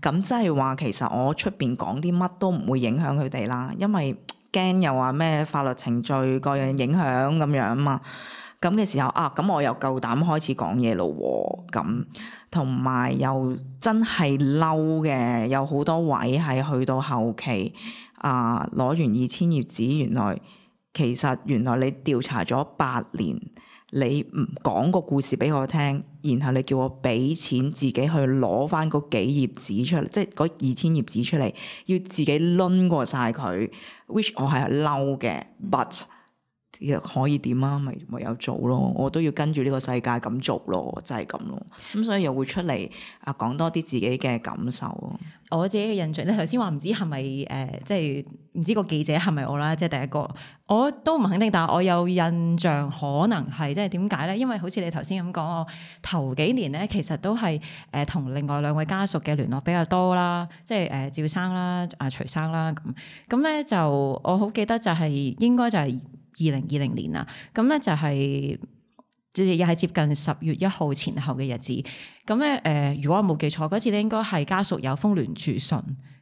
咁即係話其實我出邊講啲乜都唔會影響佢哋啦，因為驚又話咩法律程序各樣影響咁樣啊嘛，咁嘅時候啊，咁我又夠膽開始講嘢咯喎，咁同埋又真係嬲嘅，有好多位係去到後期啊攞完二千頁紙原來。其實原來你調查咗八年，你唔講個故事俾我聽，然後你叫我俾錢自己去攞翻嗰幾頁紙出嚟，即係嗰二千頁紙出嚟，要自己攆過晒佢，which 我係嬲嘅，but。可以點啊？咪唯有做咯，我都要跟住呢個世界咁做咯，就係、是、咁咯。咁、嗯、所以又會出嚟啊，講多啲自己嘅感受。我自己嘅印象，你頭先話唔知係咪誒，即係唔知個記者係咪我啦？即係第一個，我都唔肯定。但係我有印象，可能係。即係點解呢？因為好似你頭先咁講，我頭幾年呢，其實都係誒同另外兩位家屬嘅聯絡比較多啦，即係誒、呃、趙生啦、阿、啊、徐生啦咁。咁咧就我好記得就係、是、應該就係、是。二零二零年啊，咁咧就係亦係接近十月一號前後嘅日子。咁咧，誒、呃，如果我冇記錯，嗰次咧應該係家屬有封聯署信，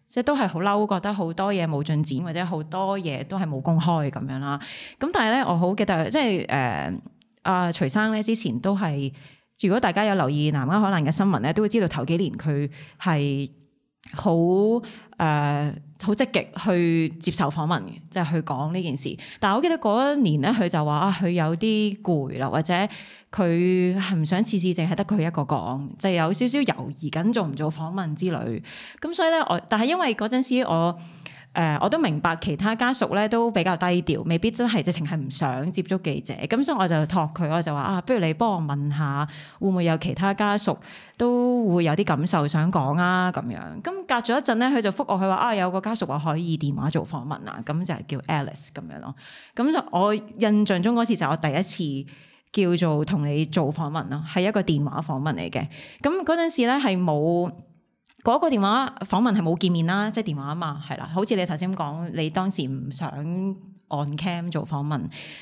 即係都係好嬲，覺得好多嘢冇進展，或者好多嘢都係冇公開咁樣啦。咁但係咧，我好記得，即係誒、呃、啊徐生咧之前都係，如果大家有留意南丫海難嘅新聞咧，都會知道頭幾年佢係。好誒，好、呃、積極去接受訪問嘅，即係去講呢件事。但係我記得嗰一年咧，佢就話啊，佢有啲攰啦，或者佢係唔想次次淨係得佢一個講，就有少少猶豫緊做唔做訪問之類。咁所以咧，我但係因為嗰陣時我。誒、呃，我都明白其他家屬咧都比較低調，未必真係直情係唔想接觸記者。咁、嗯、所以我就託佢，我就話啊，不如你幫我問下，會唔會有其他家屬都會有啲感受想講啊咁樣。咁、嗯、隔咗一陣咧，佢就覆我，佢話啊，有個家屬話可以電話做訪問啊，咁、嗯、就係叫 Alice 咁樣咯。咁、嗯、就我印象中嗰次就係、我第一次叫做同你做訪問咯，係一個電話訪問嚟嘅。咁嗰陣時咧係冇。嗰個電話訪問係冇見面啦，即係電話啊嘛，係啦，好似你頭先講，你當時唔想 on cam 做訪問，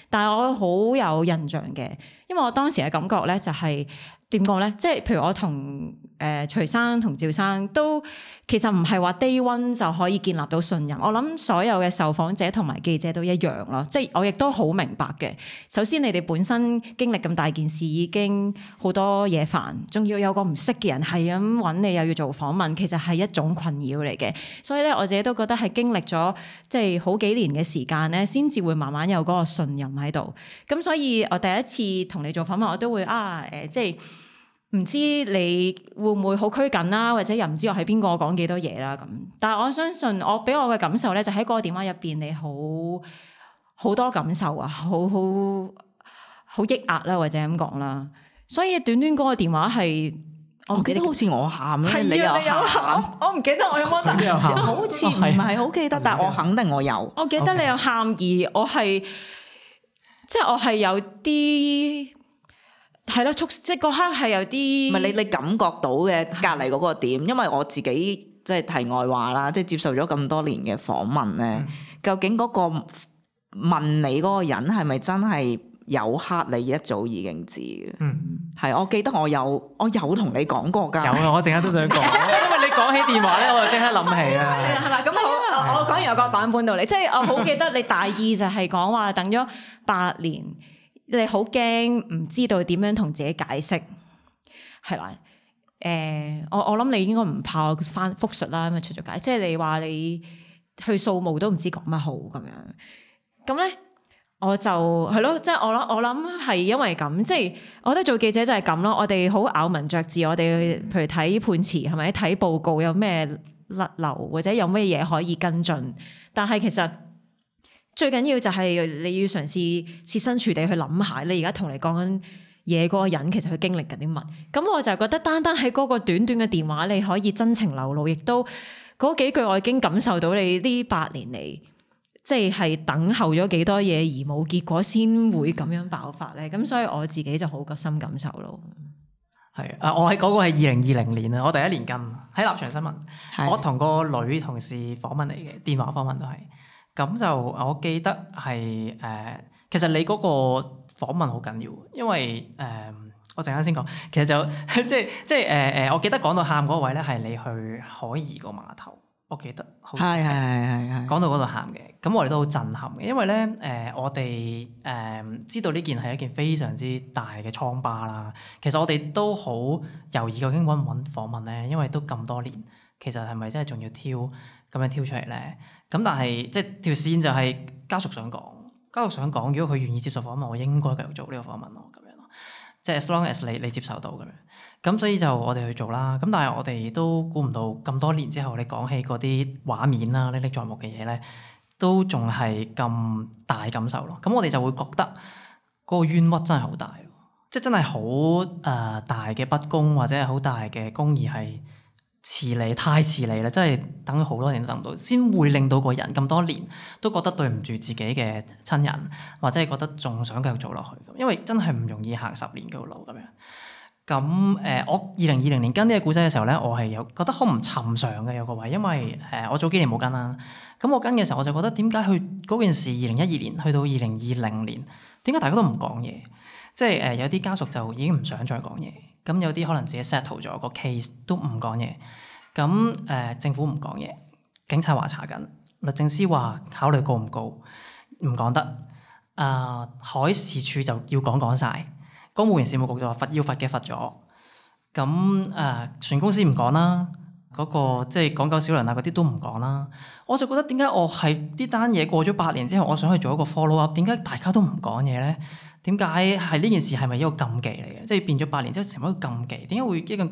但係我好有印象嘅，因為我當時嘅感覺咧就係。點講呢？即係譬如我同誒、呃、徐生同趙生都其實唔係話第一 round 就可以建立到信任。我諗所有嘅受訪者同埋記者都一樣咯。即係我亦都好明白嘅。首先你哋本身經歷咁大件事已經好多嘢煩，仲要有個唔識嘅人係咁揾你又要做訪問，其實係一種困擾嚟嘅。所以咧我自己都覺得係經歷咗即係好幾年嘅時間咧，先至會慢慢有嗰個信任喺度。咁所以我第一次同你做訪問，我都會啊誒、呃、即係。唔知你會唔會好拘謹啦，或者又唔知我係邊個講幾多嘢啦咁。但係我相信我俾我嘅感受咧，就喺嗰個電話入邊，你好好多感受啊，好好好抑壓啦，或者咁講啦。所以短短嗰個電話係，我記得，我記得好似我喊咧、啊，你你有喊，我唔記得我有冇得喊，好似唔係好記得，但我肯定我有。啊、我記得你有喊，而我係即係我係有啲。係咯，促即嗰刻係有啲，唔係你你感覺到嘅隔籬嗰個點，因為我自己即係題外話啦，即係接受咗咁多年嘅訪問咧，嗯、究竟嗰個問你嗰個人係咪真係有黑？你一早已經知嘅，嗯，係。我記得我有我有同你講過㗎，有啊，我陣間都想講，因為你講起電話咧， 我就即刻諗起啦。係啦，咁好，我講完我有個版本到你，即、就、係、是、我好記得你大二就係講話等咗八年。你好驚唔知道點樣同自己解釋，係啦。誒、呃，我我諗你應該唔怕我翻復述啦，咁啊除咗解即係你話你去掃墓都唔知講乜好咁樣。咁呢，我就係咯，即係我諗我諗係因為咁，即係我覺得做記者就係咁咯。我哋好咬文嚼字，我哋譬如睇判詞係咪睇報告有咩甩漏，或者有咩嘢可以跟進，但係其實，最緊要就係你要嘗試設身處地去諗下，你而家同你講緊嘢嗰個人，其實佢經歷緊啲乜？咁我就覺得，單單喺嗰個短短嘅電話，你可以真情流露，亦都嗰幾句，我已經感受到你呢八年嚟，即係係等候咗幾多嘢而冇結果，先會咁樣爆發咧。咁所以我自己就好個心感受咯。係啊，我喺嗰個係二零二零年啊，我第一年跟喺立場新聞，的我同個女同事訪問你嘅電話訪問都係。咁就我記得係誒、呃，其實你嗰個訪問好緊要，因為誒、呃，我陣間先講，其實就即係即係誒誒，我記得講到喊嗰位咧，係你去海怡個碼頭，我記得好係係係係，係係係係講到嗰度喊嘅，咁我哋都好震撼嘅，因為咧誒、呃，我哋誒、呃、知道呢件係一件非常之大嘅瘡疤啦，其實我哋都好猶豫究竟揾唔揾訪問咧，因為都咁多年。其實係咪真係仲要挑，咁樣挑出嚟咧？咁但係即係條線就係家屬想講，家屬想講，如果佢願意接受訪問，我應該繼續做呢個訪問咯，咁樣咯，即係 as long as 你你接受到咁樣。咁所以就我哋去做啦。咁但係我哋都估唔到咁多年之後，你講起嗰啲畫面啦、啊、歷歷在目嘅嘢咧，都仲係咁大感受咯。咁我哋就會覺得嗰個冤屈真係好大，即係真係好誒大嘅不公或者係好大嘅公義係，遲嚟太遲嚟啦，真係等咗好多年都等唔到，先會令到個人咁多年都覺得對唔住自己嘅親人，或者係覺得仲想繼續做落去，因為真係唔容易行十年嘅路咁樣。咁誒、呃，我二零二零年跟呢個古仔嘅時候呢，我係有覺得好唔尋常嘅有個位，因為誒、呃、我早幾年冇跟啦。咁我跟嘅時候，我就覺得點解去嗰件事二零一二年去到二零二零年，點解大家都唔講嘢？即係誒有啲家屬就已經唔想再講嘢。咁有啲可能自己 settle 咗個 case 都唔講嘢，咁誒、呃、政府唔講嘢，警察話查緊，律政司話考慮告唔告，唔講得，啊、呃、海事處就要講講晒，公務員事務局就話罰要罰嘅罰咗，咁誒、呃、船公司唔講啦，嗰、那個即係港九小輪啊嗰啲都唔講啦，我就覺得點解我喺呢單嘢過咗八年之後，我想去做一個 follow up，點解大家都唔講嘢咧？點解係呢件事係咪一個禁忌嚟嘅？即係變咗八年之後成為一個禁忌。點解會一個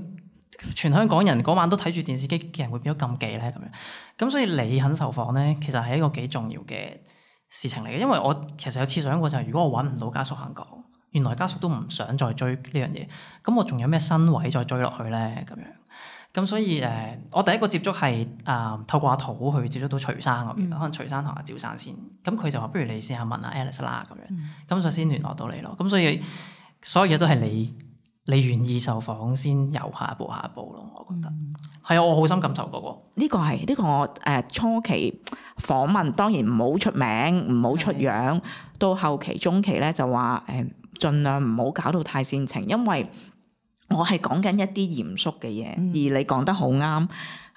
全香港人嗰晚都睇住電視機嘅人會變咗禁忌咧？咁樣咁所以你肯受訪咧，其實係一個幾重要嘅事情嚟嘅。因為我其實有次想過就係，如果我揾唔到家屬肯講，原來家屬都唔想再追呢樣嘢。咁我仲有咩新位再追落去咧？咁樣。咁所以誒、呃，我第一個接觸係誒、呃、透過阿土去接觸到徐生，嗯、我記得可能徐生同阿趙生先。咁佢就話：不如你試下問下 Alice 啦咁樣。咁、嗯、所先聯絡到你咯。咁所以所有嘢都係你你願意受訪先，有下一步下一步咯。我覺得係啊，嗯、我好深感受嗰個、嗯。呢個係呢、呢個我誒、呃、初期訪問，當然唔好出名，唔好出樣。嗯、到後期中期咧，就話誒，儘、呃、量唔好搞到太煽情，因為。我係講緊一啲嚴肅嘅嘢，嗯、而你講得好啱。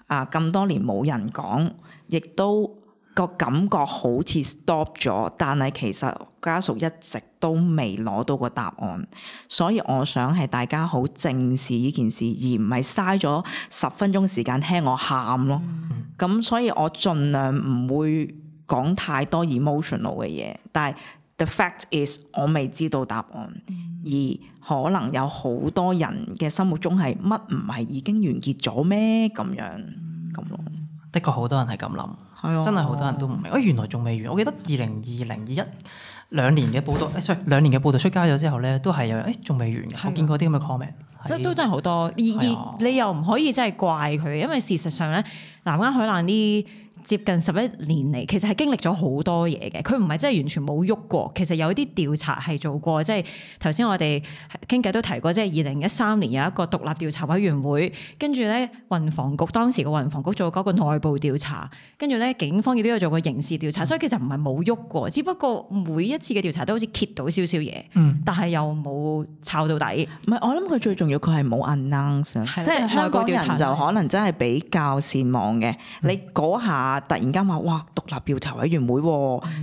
啊，咁多年冇人講，亦都個感覺好似 stop 咗，但係其實家屬一直都未攞到個答案，所以我想係大家好正視呢件事，而唔係嘥咗十分鐘時間聽我喊咯。咁、嗯、所以我盡量唔會講太多 emotional 嘅嘢，但係。The fact is，我未知道答案，而可能有好多人嘅心目中係乜唔係已經完結咗咩？咁樣咁咯，的確好多人係咁諗，係啊，真係好多人都唔明，哎原來仲未完。我記得二零二零二一兩年嘅報道，誒 sorry 兩、 哎、年嘅報道出街咗之後咧，都係有人仲未、哎、完嘅，啊、我見過啲咁嘅 comment，即都真係好多。而、啊、而你又唔可以真係怪佢，因為事實上咧，南丫海難啲。接近十一年嚟，其實係經歷咗好多嘢嘅。佢唔係真係完全冇喐過。其實有一啲調查係做過，即係頭先我哋傾偈都提過，即係二零一三年有一個獨立調查委員會，跟住咧運房局當時個運房局做過一個內部調查，跟住咧警方亦都有做過刑事調查。所以其實唔係冇喐過，只不過每一次嘅調查都好似揭到少少嘢，嗯、但係又冇查到底。唔係，我諗佢最重要，佢係冇 announce。部查即係香港人就可能真係比較善忘嘅。嗯、你嗰下。突然間話哇，獨立調查委員會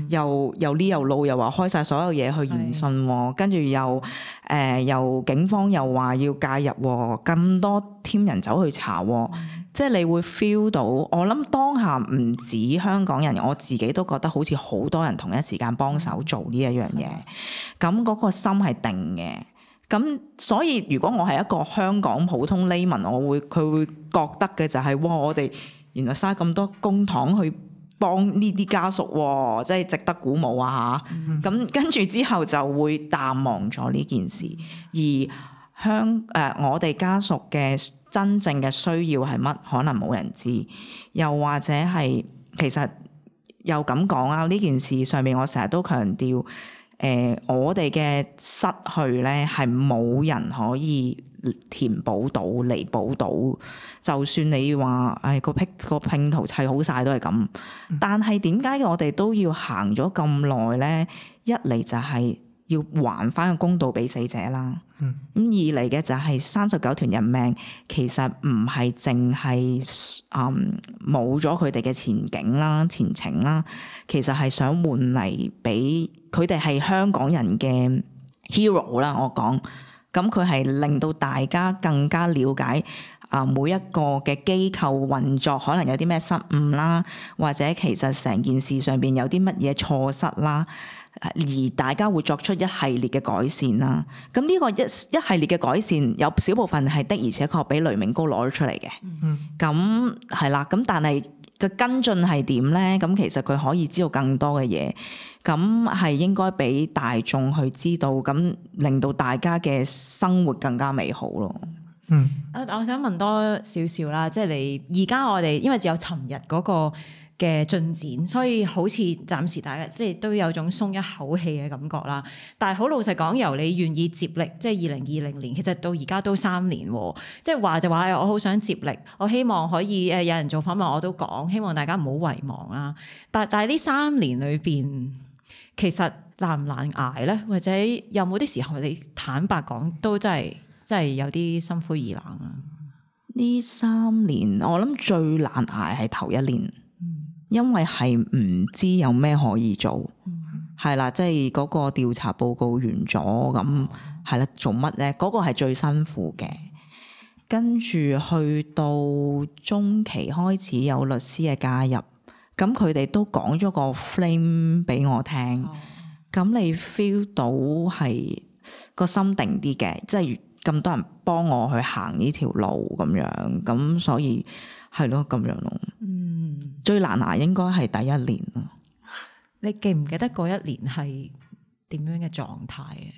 又又呢又路，又話開晒所有嘢去研訊，啊，跟住的又誒、呃、又警方又話要介入，啊，咁多 team 人走去查，啊，的即係你會 feel 到。我諗當下唔止香港人，我自己都覺得好似好多人同一時間幫手做呢一樣嘢，咁嗰的個心係定嘅。咁所以如果我係一個香港普通 layman，我會佢會覺得嘅就係，是、哇，我哋。原來嘥咁多公帑去幫呢啲家屬、哦，即係值得鼓舞啊！嚇，咁跟住之後就會淡忘咗呢件事，而香誒我哋家屬嘅真正嘅需要係乜，可能冇人知。又或者係其實又咁講啊，呢件事上面我成日都強調，誒、呃、我哋嘅失去呢，係冇人可以填補到、彌補到，就算你話誒個拼個拼圖砌好晒都係咁。嗯、但係點解我哋都要行咗咁耐呢？一嚟就係要還翻個公道俾死者啦。咁、嗯、二嚟嘅就係三十九條人命，其實唔係淨係冇咗佢哋嘅前景啦、前程啦，其實係想換嚟俾佢哋係香港人嘅 hero 啦。我講。咁佢係令到大家更加了解啊，每一個嘅機構運作可能有啲咩失誤啦，或者其實成件事上邊有啲乜嘢錯失啦，而大家會作出一系列嘅改善啦。咁呢個一一系列嘅改善有少部分係的，而且確俾倫明高攞咗出嚟嘅。咁係啦，咁但係。嘅跟進係點咧？咁其實佢可以知道更多嘅嘢，咁係應該俾大眾去知道，咁令到大家嘅生活更加美好咯。嗯，啊，我想問多少少啦，即係你而家我哋，因為只有尋日嗰個。嘅進展，所以好似暫時大家即係都有種鬆一口氣嘅感覺啦。但係好老實講，由你願意接力，即係二零二零年，其實到而家都三年喎。即係話就話，我好想接力，我希望可以誒、呃、有人做訪問，我都講，希望大家唔好遺忘啦。但係但係呢三年裏邊，其實難唔難捱呢？或者有冇啲時候你坦白講，都真係真係有啲心灰意冷啊？呢三年我諗最難捱係頭一年。因為係唔知有咩可以做，係啦、嗯，即係嗰個調查報告完咗，咁係啦，做乜呢？嗰、嗰個係最辛苦嘅。跟住去到中期開始有律師嘅加入，咁佢哋都講咗個 frame 俾我聽，咁、嗯、你 feel 到係個心定啲嘅，即係咁多人幫我去行呢條路咁樣，咁所以。係咯，咁樣咯。嗯，最難挨應該係第一年啦。你記唔記得嗰一年係點樣嘅狀態？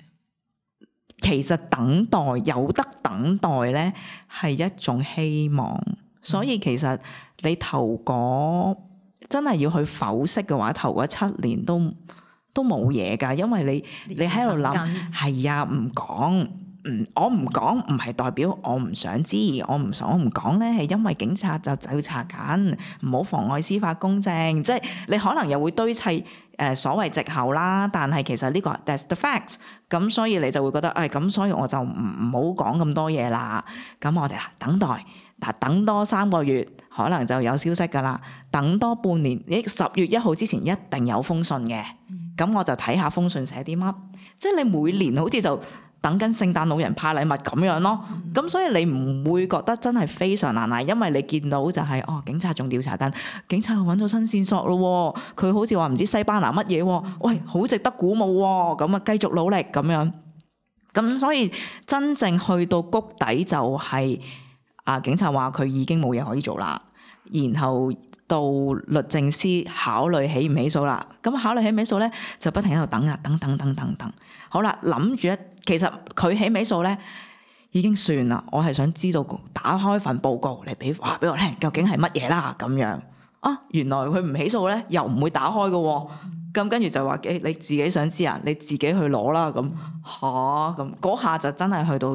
其實等待有得等待咧，係一種希望。嗯，所以其實你頭嗰真係要去剖析嘅話，頭嗰七年都都冇嘢噶，因為你你喺度諗，係啊唔講。嗯，我唔講唔係代表我唔想知，我唔我唔講呢，係因為警察就就要查緊，唔好妨礙司法公正，即係你可能又會堆砌誒、呃、所謂藉口啦。但係其實呢、這個 that's the facts，咁所以你就會覺得唉，咁、哎，所以我就唔唔好講咁多嘢啦。咁我哋等待，嗱，等多三個月，可能就有消息㗎啦。等多半年，一十月一號之前一定有封信嘅。咁我就睇下封信寫啲乜，即係你每年好似就。等緊聖誕老人派禮物咁樣咯，咁、嗯、所以你唔會覺得真係非常難捱，因為你見到就係、是、哦，警察仲調查緊，警察揾到新線索咯，佢好似話唔知西班牙乜嘢，喂，好值得鼓舞喎、啊，咁啊繼續努力咁樣，咁所以真正去到谷底就係、是、啊，警察話佢已經冇嘢可以做啦，然後到律政司考慮起唔起數啦，咁考慮起唔起數呢，就不停喺度等啊，等等等等等，好啦，諗住一。其實佢起唔起訴咧已經算啦，我係想知道打開份報告嚟俾話俾我聽，究竟係乜嘢啦咁樣啊？原來佢唔起訴咧，又唔會打開嘅喎、啊。咁跟住就話誒、欸、你自己想知啊，你自己去攞啦咁嚇咁下，就真係去到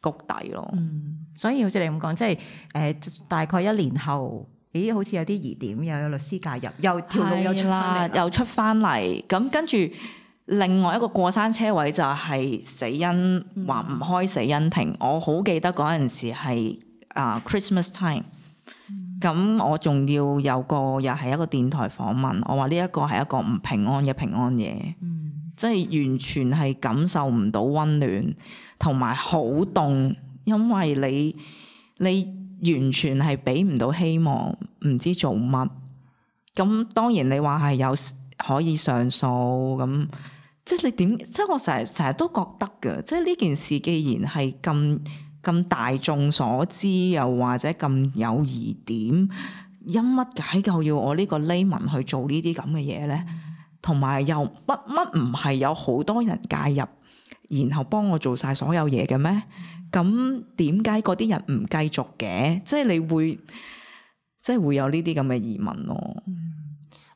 谷底咯。嗯，所以好似你咁講，即係誒、呃、大概一年後，咦？好似有啲疑點，又有律師介入，又條路又出翻嚟，又出翻嚟，咁、嗯、跟住。另外一個過山車位就係死因話唔、嗯、開死因庭。我好記得嗰陣時係啊、uh, Christmas time，咁、嗯、我仲要有個又係一個電台訪問，我話呢一個係一個唔平安嘅平安夜，即係、嗯、完全係感受唔到溫暖，同埋好凍，因為你你完全係俾唔到希望，唔知做乜，咁當然你話係有。可以上訴咁，即係你點？即係我成日成日都覺得嘅，即係呢件事既然係咁咁大眾所知，又或者咁有疑點，因乜解究要我呢個 layman 去做呢啲咁嘅嘢呢？同埋又乜乜唔係有好多人介入，然後幫我做晒所有嘢嘅咩？咁點解嗰啲人唔繼續嘅？即係你會，即係會有呢啲咁嘅疑問咯。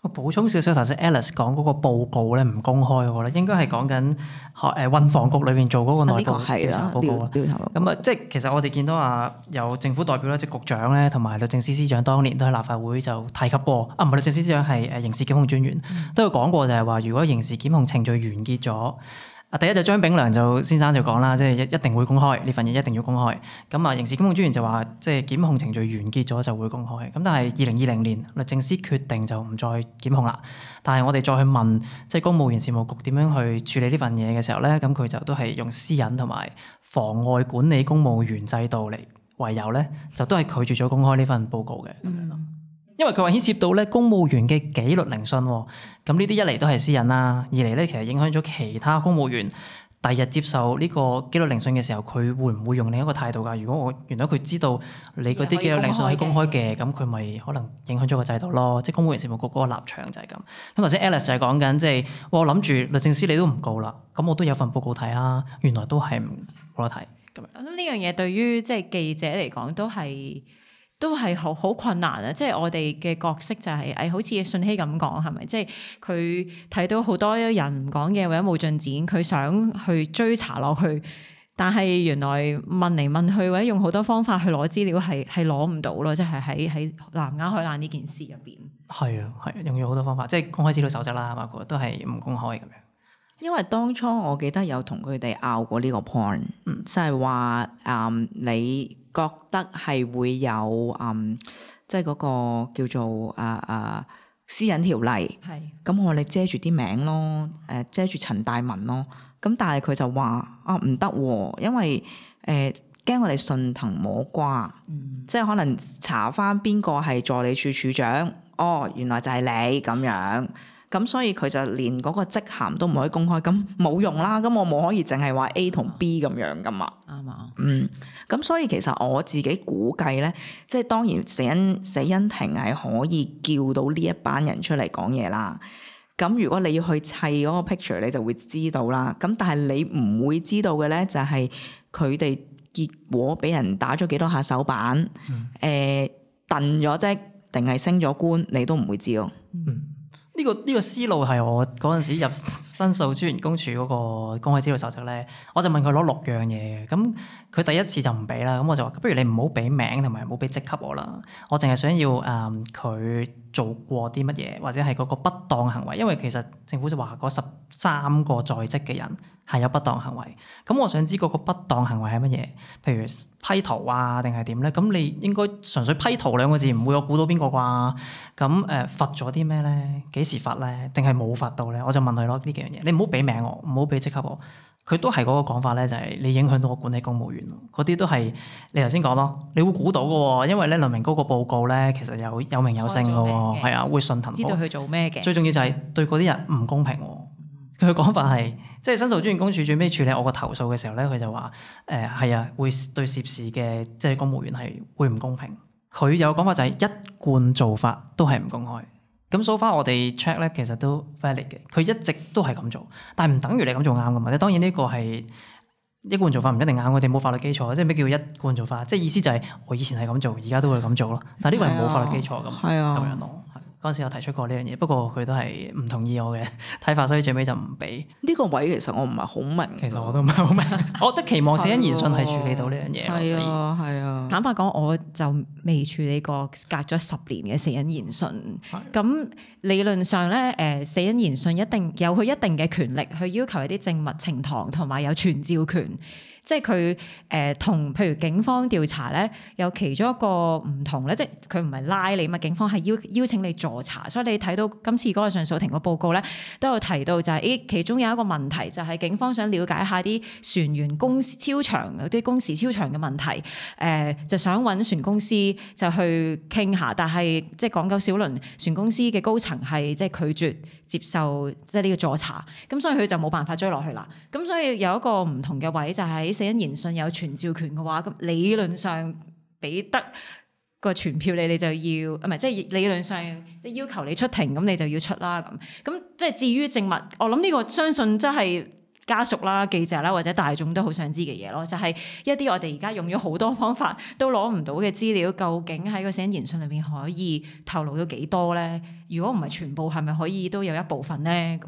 補充少少，頭先 Alice 講嗰個報告咧唔公開嘅喎，咧應該係講緊學誒運房局裏邊做嗰個內部調查報、那、告、個、啊。咁、這、啊、個，即係、那個、其實我哋見到啊，有政府代表咧，即局長咧，同埋律政司司長，當年都喺立法會就提及過。啊，唔係律政司司長係誒刑事檢控專員、嗯、都有講過就，就係話如果刑事檢控程序完結咗。啊！第一就張炳良就先生就講啦，即係一一定會公開呢份嘢，一定要公開。咁啊，刑事檢控專員就話，即係檢控程序完結咗就會公開。咁但係二零二零年律政司決定就唔再檢控啦。但係我哋再去問即係公務員事務局點樣去處理呢份嘢嘅時候咧，咁佢就都係用私隱同埋妨礙管理公務員制度嚟為由咧，就都係拒絕咗公開呢份報告嘅。嗯因為佢話牽涉到咧公務員嘅紀律聆訊，咁呢啲一嚟都係私隱啦，二嚟咧其實影響咗其他公務員第日接受呢個紀律聆訊嘅時候，佢會唔會用另一個態度噶？如果我原來佢知道你嗰啲紀律聆訊係公開嘅，咁佢咪可能影響咗個制度咯？即係公務員事務局嗰個立場就係咁。咁頭先 Alice、嗯、就係講緊，即、就、係、係、我諗住律政司你都唔告啦，咁我都有份報告睇啊，原來都係冇得睇。咁呢樣嘢對於即係記者嚟講都係。都係好好困難啊！即係我哋嘅角色就係、是、誒、哎，好似信熙咁講係咪？即係佢睇到好多人唔講嘢或者冇進展，佢想去追查落去，但係原來問嚟問去或者用好多方法去攞資料係係攞唔到咯，即係喺喺南丫海難呢件事入邊。係啊，係、啊、用咗好多方法，即係公開資料守則啦，包括都係唔公開咁樣。因為當初我記得有同佢哋拗過呢個 point，即係話誒你覺得係會有誒，即係嗰個叫做誒誒、啊啊、私隱條例，係咁是、嗯、我哋遮住啲名咯，誒、呃、遮住陳大文咯，咁但係佢就話啊唔得，啊，因為誒驚我哋順藤摸瓜，嗯、即係可能查返邊個係助理處處長，哦原來就係你咁樣。咁所以佢就連嗰個職銜都唔可以公開，咁冇用啦。咁我冇可以淨係話 A 同 B 咁樣噶嘛？啱嘛？嗯。咁所以其實我自己估計呢，即係當然死因死因庭係可以叫到呢一班人出嚟講嘢啦。咁如果你要去砌嗰個 picture，你就會知道啦。咁但係你唔會知道嘅呢，就係佢哋結果俾人打咗幾多下手板，誒、嗯，燉咗職定係升咗官，你都唔會知咯。嗯。呢個呢個思路係我嗰陣時入申訴專員公署嗰個公開資料守則咧， 我就問佢攞六樣嘢嘅，咁佢第一次就唔俾啦，咁我就話不如你唔好俾名同埋唔好俾職級我啦，我淨係想要誒佢、嗯、做過啲乜嘢或者係嗰個不當行為，因為其實政府就話嗰十三個在職嘅人，係有不當行為，咁我想知嗰個不當行為係乜嘢？譬如批圖啊，定係點咧？咁你應該純粹批圖兩個字，唔會我估到邊個啩？咁誒、呃，罰咗啲咩咧？幾時罰咧？定係冇罰到咧？我就問佢咯，呢幾樣嘢，你唔好俾名我，唔好俾即刻我。佢都係嗰個講法咧，就係、是、你影響到我管理公務員。嗰啲都係你頭先講咯，你會估到嘅喎，因為咧林明高個報告咧，其實有有名有姓嘅喎，係啊，會順藤。知道佢做咩嘅？最重要就係對嗰啲人唔公平喎。佢嘅講法係，即係申訴專員公署最尾處理我個投訴嘅時候咧，佢就話：誒、呃、係啊，會對涉事嘅即係公務員係會唔公平。佢有講法就係、是、一貫做法都係唔公開。咁 so far 我哋 check 咧，其實都 fairly 嘅。佢一直都係咁做，但係唔等於你咁做啱噶嘛。當然呢個係一貫做法，唔一定啱，我哋冇法律基礎。即係咩叫一貫做法？即係意思就係、是、我以前係咁做，而家都會咁做咯。但係呢個係冇法律基礎咁咁樣咯。呀呀嗰陣時有提出過呢樣嘢，不過佢都係唔同意我嘅睇法，所以最尾就唔俾呢個位。其實我唔係好明。其實我都唔係好明。 我覺得期望死因研訊係處理到呢樣嘢。係、 哦、啊，係啊。坦白講，我就未處理過隔咗十年嘅死因研訊。咁的理論上咧，誒死因研訊一定有佢一定嘅權力，去要求一啲證物呈堂，同埋有傳召權。即係佢誒同，譬如警方調查咧，有其中一個唔同咧，即係佢唔係拉你，咁啊警方係邀邀請你助查，所以你睇到今次嗰個上訴庭嘅報告咧，都有提到就係、是、誒其中有一個問題就係、是、警方想了解下啲船員公司超長啲工時超長嘅問題誒、呃、就想揾船公司就去傾下，但係即係港九小輪船公司嘅高層係即係拒絕接受即係呢個助查，咁所以佢就冇辦法追落去啦。咁所以有一個唔同嘅位就喺、是。死因研訊有傳召權嘅話，咁理論上俾得個傳票你，你就要啊，唔係即係理論上即係要求你出庭，咁你就要出啦。咁咁即係至於證物，我諗呢個相信真係家屬啦、記者啦或者大眾都好想知嘅嘢咯。就係、是、一啲我哋而家用咗好多方法都攞唔到嘅資料，究竟喺個死因研訊裏面可以透露到幾多呢？如果唔係全部，係咪可以都有一部分呢？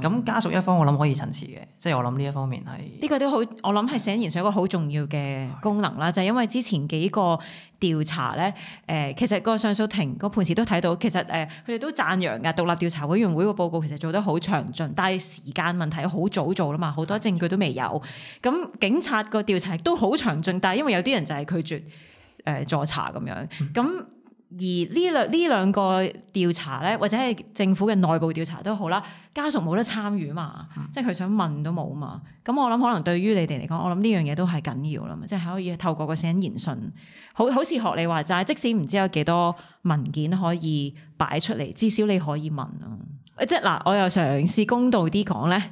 咁、嗯、家屬一方我諗可以陳詞嘅，即、就、係、是、我諗呢一方面係呢個都好，我諗係研訊上一個好重要嘅功能啦，就係、是、因為之前幾個調查咧，誒、呃、其實個上訴庭個判詞都睇到，其實誒佢哋都讚揚噶獨立調查委員會個報告其實做得好詳盡，但係時間問題好早做啦嘛，好多證據都未有，咁的警察個調查都好詳盡，但係因為有啲人就係拒絕誒、呃、助查咁樣，咁。嗯。而呢兩呢兩個調查呢，或者係政府嘅內部調查都好啦，家屬冇得參與嘛，嗯、即係佢想問都冇嘛。咁我諗可能對於你哋嚟講，我諗呢樣嘢都係緊要啦嘛，即係可以透過個死因研訊，好好似學你話齋，即使唔知有幾多文件可以擺出嚟，至少你可以問咯。即係嗱，我又嘗試公道啲講呢。誒、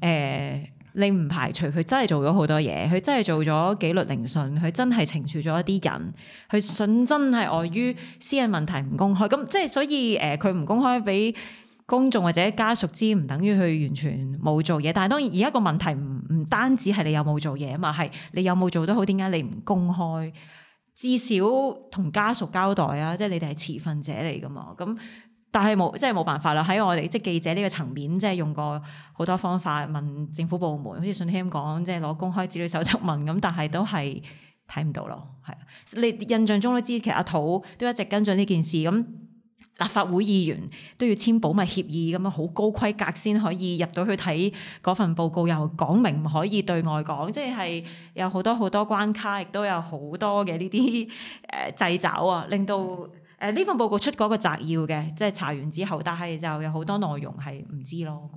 嗯。你唔排除佢真係做咗好多嘢，佢真係做咗紀律聆訊，佢真係懲處咗一啲人，佢信真係礙於私人問題唔公開。咁即係所以誒，佢、呃、唔公開俾公眾或者家屬知，唔等於佢完全冇做嘢。但係當然而家個問題唔唔單止係你有冇做嘢啊嘛，係你有冇做得好？點解你唔公開？至少同家屬交代啊！即係你哋係持份者嚟㗎嘛？咁。但係冇，即係冇辦法啦。喺我哋即係記者呢個層面，即係用過好多方法問政府部門，好似信添講，即係攞公開資料守則問咁，但係都係睇唔到咯。係你印象中都知，其實阿土都一直跟進呢件事，咁立法會議員都要簽保密協議，咁樣好高規格先可以入到去睇嗰份報告，又講明唔可以對外講，即係有好多好多關卡，亦都有好多嘅呢啲誒掣肘啊，令到。誒呢、呃、份報告出嗰個摘要嘅，即係查完之後，但係就有好多內容係唔知咯。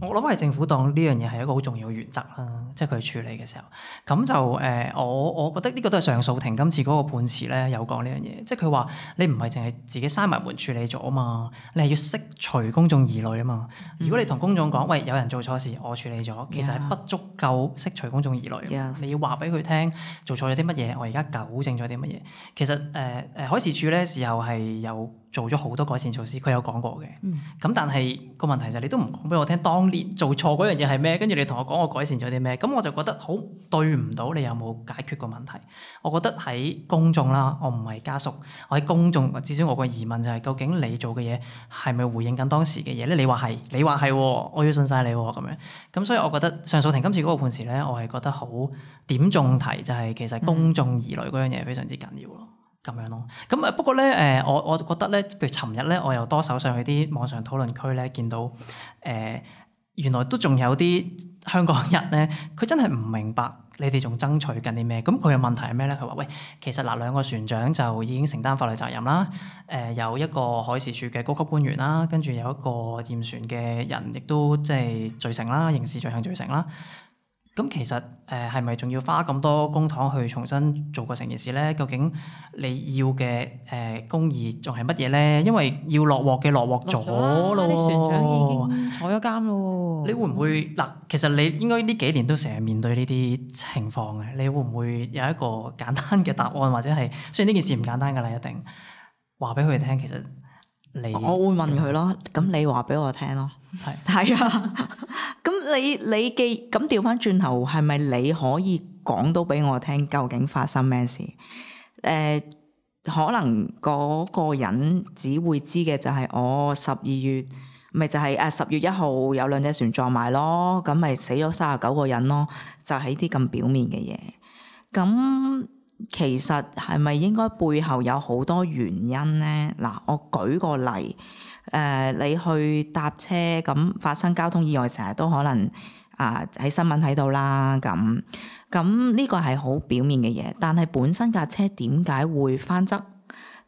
我諗係政府當呢樣嘢係一個好重要嘅原則啦，嗯、即係佢處理嘅時候，咁就誒、呃，我我覺得呢個都係上訴庭今次嗰個判詞咧有講呢樣嘢，即係佢話你唔係淨係自己閂埋門處理咗啊嘛，你係要釋除公眾疑慮啊嘛。嗯、如果你同公眾講喂有人做錯事，我處理咗，其實係不足夠釋除公眾疑慮嘅。嗯、你要話俾佢聽做錯咗啲乜嘢，我而家糾正咗啲乜嘢。其實誒誒，海、呃、事處咧時候係有。做咗好多改善措施，佢有講過嘅。咁、嗯、但係個問題就係你都唔講俾我聽，當年做錯嗰樣嘢係咩？跟住你同我講我改善咗啲咩？咁我就覺得好對唔到你，有冇解決個問題？我覺得喺公眾啦，我唔係家屬，我喺公眾。至少我個疑問就係、是、究竟你做嘅嘢係咪回應緊當時嘅嘢咧？你話係，你話係、哦，我要信晒你咁、哦、樣。咁所以我覺得上訴庭今次嗰個判詞呢，我係覺得好點重提就係、是、其實公眾疑慮嗰樣嘢非常之緊要咯。嗯咁樣咯，咁啊不過咧，誒、呃、我我覺得咧，譬如尋日咧，我又多手上去啲網上討論區咧，見到誒、呃、原來都仲有啲香港人咧，佢真係唔明白你哋仲爭取緊啲咩？咁佢嘅問題係咩咧？佢話喂，其實嗱兩個船長就已經承擔法律責任啦，誒、呃、有一個海事處嘅高級官員啦，跟住有一個驗船嘅人亦都即係罪成啦，刑事罪行罪成啦。咁其實誒係咪仲要花咁多公帑去重新做過成件事咧？究竟你要嘅誒、呃、公義仲係乜嘢咧？因為要落鑊嘅落鑊咗咯，啊、囉、船長已經坐咗監咯。你會唔會嗱？嗯、其實你應該呢幾年都成日面對呢啲情況嘅。你會唔會有一個簡單嘅答案，或者係雖然呢件事唔簡單㗎啦，一定話俾佢哋聽。其實你我會問佢咯。咁你話俾我聽咯。係，係啊是 咁你你嘅咁掉返轉頭，係咪你可以講到俾我聽，究竟發生咩事？誒、呃，可能嗰個人只會知嘅就係我十二月，咪就係誒十月一號有兩隻船撞埋咯，咁咪死咗三十九個人咯，就係啲咁表面嘅嘢。咁其實係咪應該背後有好多原因呢？嗱，我舉個例。誒、呃，你去搭車咁發生交通意外，成日都可能啊喺、呃、新聞睇到啦。咁咁呢個係好表面嘅嘢，但係本身架車點解會翻側？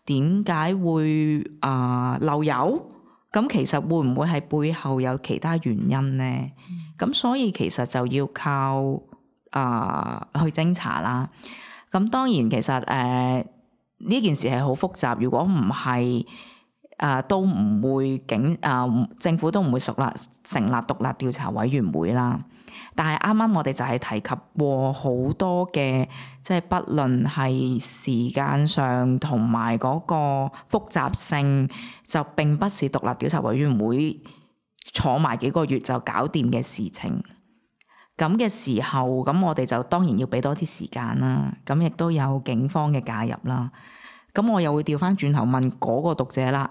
點解會啊、呃、漏油？咁其實會唔會係背後有其他原因呢？咁、嗯、所以其實就要靠啊、呃、去偵查啦。咁當然其實誒呢、呃、件事係好複雜。如果唔係，啊，都唔會警啊，政府都唔會熟啦，成立獨立調查委員會啦。但係啱啱我哋就係提及過好多嘅，即係不論係時間上同埋嗰個複雜性，就並不是獨立調查委員會坐埋幾個月就搞掂嘅事情。咁嘅時候，咁我哋就當然要俾多啲時間啦。咁亦都有警方嘅介入啦。咁我又會調返轉頭問嗰個讀者啦。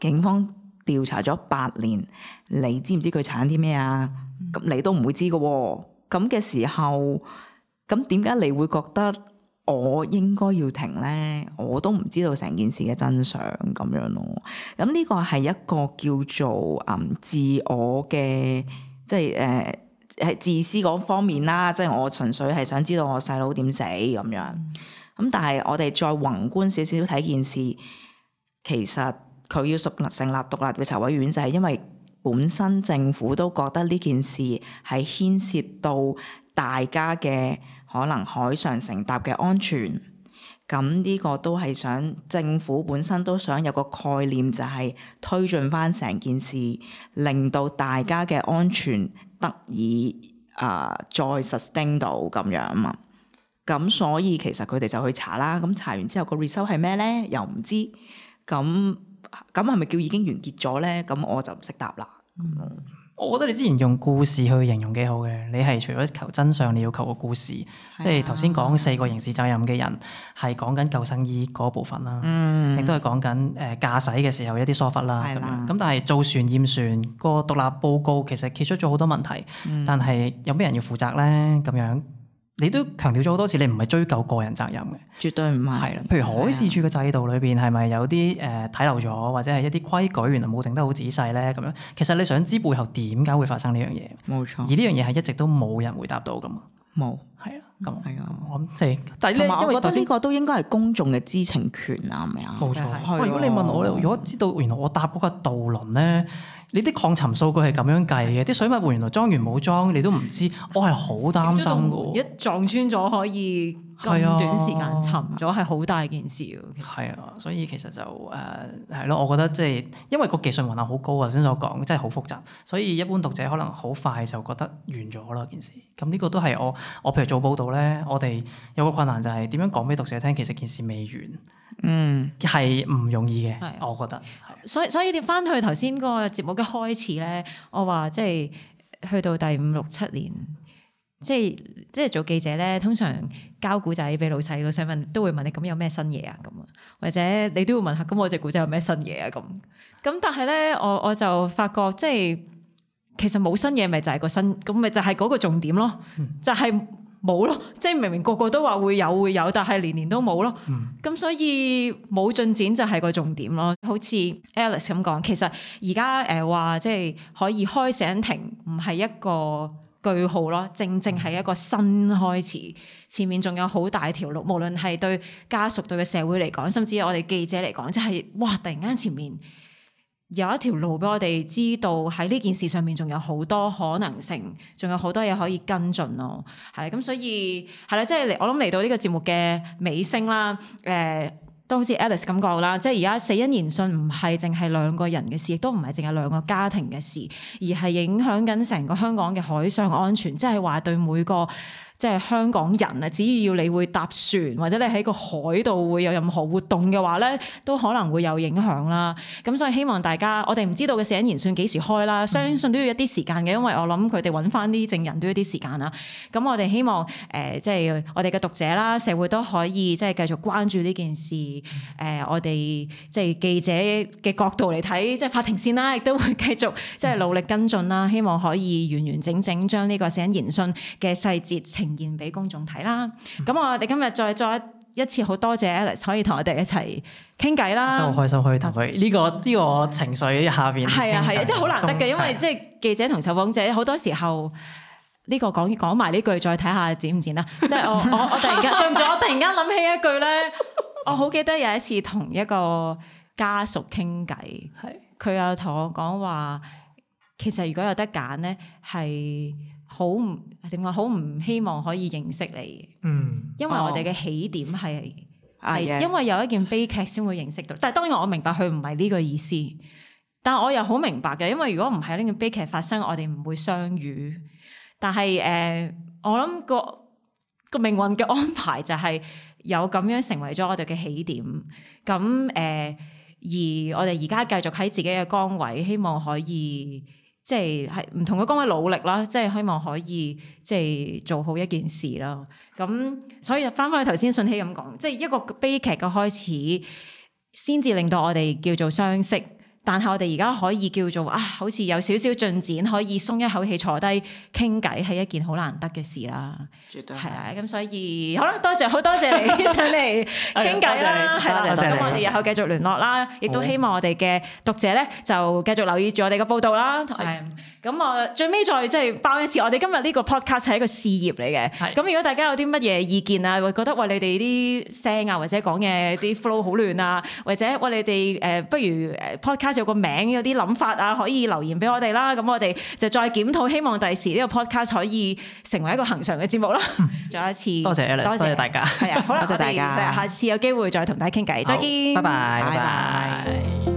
警方調查咗八年，你知唔知佢產啲咩啊？咁、嗯、你都唔會知嘅喎、哦。咁嘅時候，咁點解你會覺得我應該要停呢？我都唔知道成件事嘅真相咁樣咯。咁呢個係一個叫做嗯自我嘅，即係誒誒自私嗰方面啦。即係我純粹係想知道我細佬點死咁樣。咁但係我哋再宏觀少少睇件事，其實。佢要屬成立獨立嘅查委員，就係、是、因為本身政府都覺得呢件事係牽涉到大家嘅可能海上乘搭嘅安全。咁呢個都係想政府本身都想有個概念，就係推進翻成件事，令到大家嘅安全得以啊、呃、再 sustain 到咁樣啊嘛。咁所以其實佢哋就去查啦。咁查完之後，個 result 係咩呢？又唔知咁。咁係咪叫已經完結咗咧？咁我就唔識答啦、嗯。我覺得你之前用故事去形容幾好嘅，你係除咗求真相，你要求個故事。啊、即係頭先講四個刑事責任嘅人，係講緊救生衣嗰部分啦，嗯、亦都係講緊誒駕駛嘅時候一啲疏忽啦。咁、啊、但係造船驗船個、嗯、獨立報告其實揭出咗好多問題，嗯、但係有咩人要負責呢？咁樣。你都強調咗好多次，你唔係追究個人責任嘅，絕對唔係。係啦，譬如海事處嘅制度裏邊，係咪有啲誒睇漏咗，或者係一啲規矩原來冇定得好仔細咧？咁樣其實你想知背後點解會發生呢樣嘢？冇錯。而呢樣嘢係一直都冇人回答到㗎嘛？冇。係啦，咁。係啊。咁即係，因為我覺得呢個都應該係公眾嘅知情權啊，係咪啊？冇錯。係。如果你問我，如果知道原來我搭嗰個渡輪咧。你啲抗沉數據係咁樣計嘅，啲水密原來裝完冇裝，你都唔知。我係好擔心喎，一撞穿咗可以。咁短時間沉咗係好大件事㗎。係啊，所以其實就誒係咯，我覺得即係因為個技術含量好高啊，先所講真係好複雜，所以一般讀者可能好快就覺得完咗啦件事。咁呢個都係我我譬如做報道咧，我哋有個困難就係點樣講俾讀者聽，其實件事未完。嗯，係唔容易嘅，啊，我覺得。所以所以你翻去頭先嗰個節目嘅開始咧，我話即係去到第五六七年。即係即係做記者咧，通常交古仔俾老細老細問，都會問你咁有咩新嘢啊？咁或者你都會問下，咁我隻古仔有咩新嘢啊？咁咁但係咧，我我就發覺即係其實冇新嘢，咪就係個新，咁咪就係嗰個重點咯，就係、是、冇咯。即係明明個個都話會有會有，但係年年都冇咯。咁、嗯、所以冇進展就係個重點咯。好似 Alice 咁講，其實而家誒話即係可以開醒庭，唔係一個。句號咯，正正係一個新開始。前面仲有好大條路，無論係對家屬、對個社會嚟講，甚至我哋記者嚟講，即係哇！突然間前面有一條路俾我哋知道，喺呢件事上面仲有好多可能性，仲有好多嘢可以跟進咯。係咁，所以係啦，即係嚟，我諗嚟到呢個節目嘅尾聲啦，誒、呃。都好似 Alice 咁講啦，即係而家死因研訊唔係淨係兩個人嘅事，亦都唔係淨係兩個家庭嘅事，而係影響緊成個香港嘅海上安全，嗯、即係話對每個。即係香港人啊！只要你會搭船或者你喺個海度會有任何活動嘅話咧，都可能會有影響啦。咁所以希望大家，我哋唔知道嘅死因研訊幾時開啦，相信都要一啲時間嘅，因為我諗佢哋揾翻啲證人都要啲時間啦。咁我哋希望誒，即、呃、係、就是、我哋嘅讀者啦，社會都可以即係繼續關注呢件事。誒、嗯呃，我哋即係記者嘅角度嚟睇，即、就、係、是、法庭線啦，亦都會繼續即係努力跟進啦。嗯、希望可以完完整整將呢個死因研，研訊嘅細節情呈現俾公眾睇啦。咁、嗯、我哋今日再再一次好多謝 Alex 可以同我哋一齊傾偈啦。真好開心可以同佢呢個呢、這個情緒下邊。係啊係啊，啊天真係好難得嘅，啊、因為即係記者同受訪者好多時候呢、這個講講埋呢句，再睇下剪唔剪啦。即係 我我我突然間，對唔住，我突然間諗 起，起一句咧， 我好記得有一次同一個家屬傾偈，係佢 又同我講話，其實如果有得揀咧，係。好唔點解？好唔希望可以認識你，嗯，因為我哋嘅起點係係、啊、因為有一件悲劇先會認識到。但係當然我明白佢唔係呢個意思，但我又好明白嘅。因為如果唔係呢件悲劇發生，我哋唔會相遇。但係誒、呃，我諗個個命運嘅安排就係有咁樣成為咗我哋嘅起點。咁誒、呃，而我哋而家繼續喺自己嘅崗位，希望可以。即係係唔同嘅崗位努力啦，即係希望可以即係做好一件事啦。咁所以就翻返去頭先信熙咁講，即係一個悲劇嘅開始，先至令到我哋叫做相識。但係我哋而家可以叫做啊，好似有少少進展，可以鬆一口氣坐低傾偈，係一件好難得嘅事啦。絕對係。係啊，咁所以好啦，多謝好多謝你上嚟傾偈啦，係啦，咁我哋以後繼續聯絡啦，亦都希望我哋嘅讀者咧就繼續留意住我哋嘅報道啦。係。咁我最尾再即係爆一次，我哋今日呢個 podcast 係一個事業嚟嘅。咁如果大家有啲乜嘢意見啊，會覺得喂，你哋啲聲啊，或者講嘢啲 flow 好亂啊，或者喂，你哋誒不如誒 podcast。就個名有啲諗法啊，可以留言俾我哋啦。咁我哋就再檢討，希望第時呢個 podcast 可以成為一個恒常嘅節目啦。再 一次，多謝，Alice，多謝多謝大家，係啊， 好多謝大家。下次有機會再同大家傾偈，好再見，拜拜，拜拜。拜拜。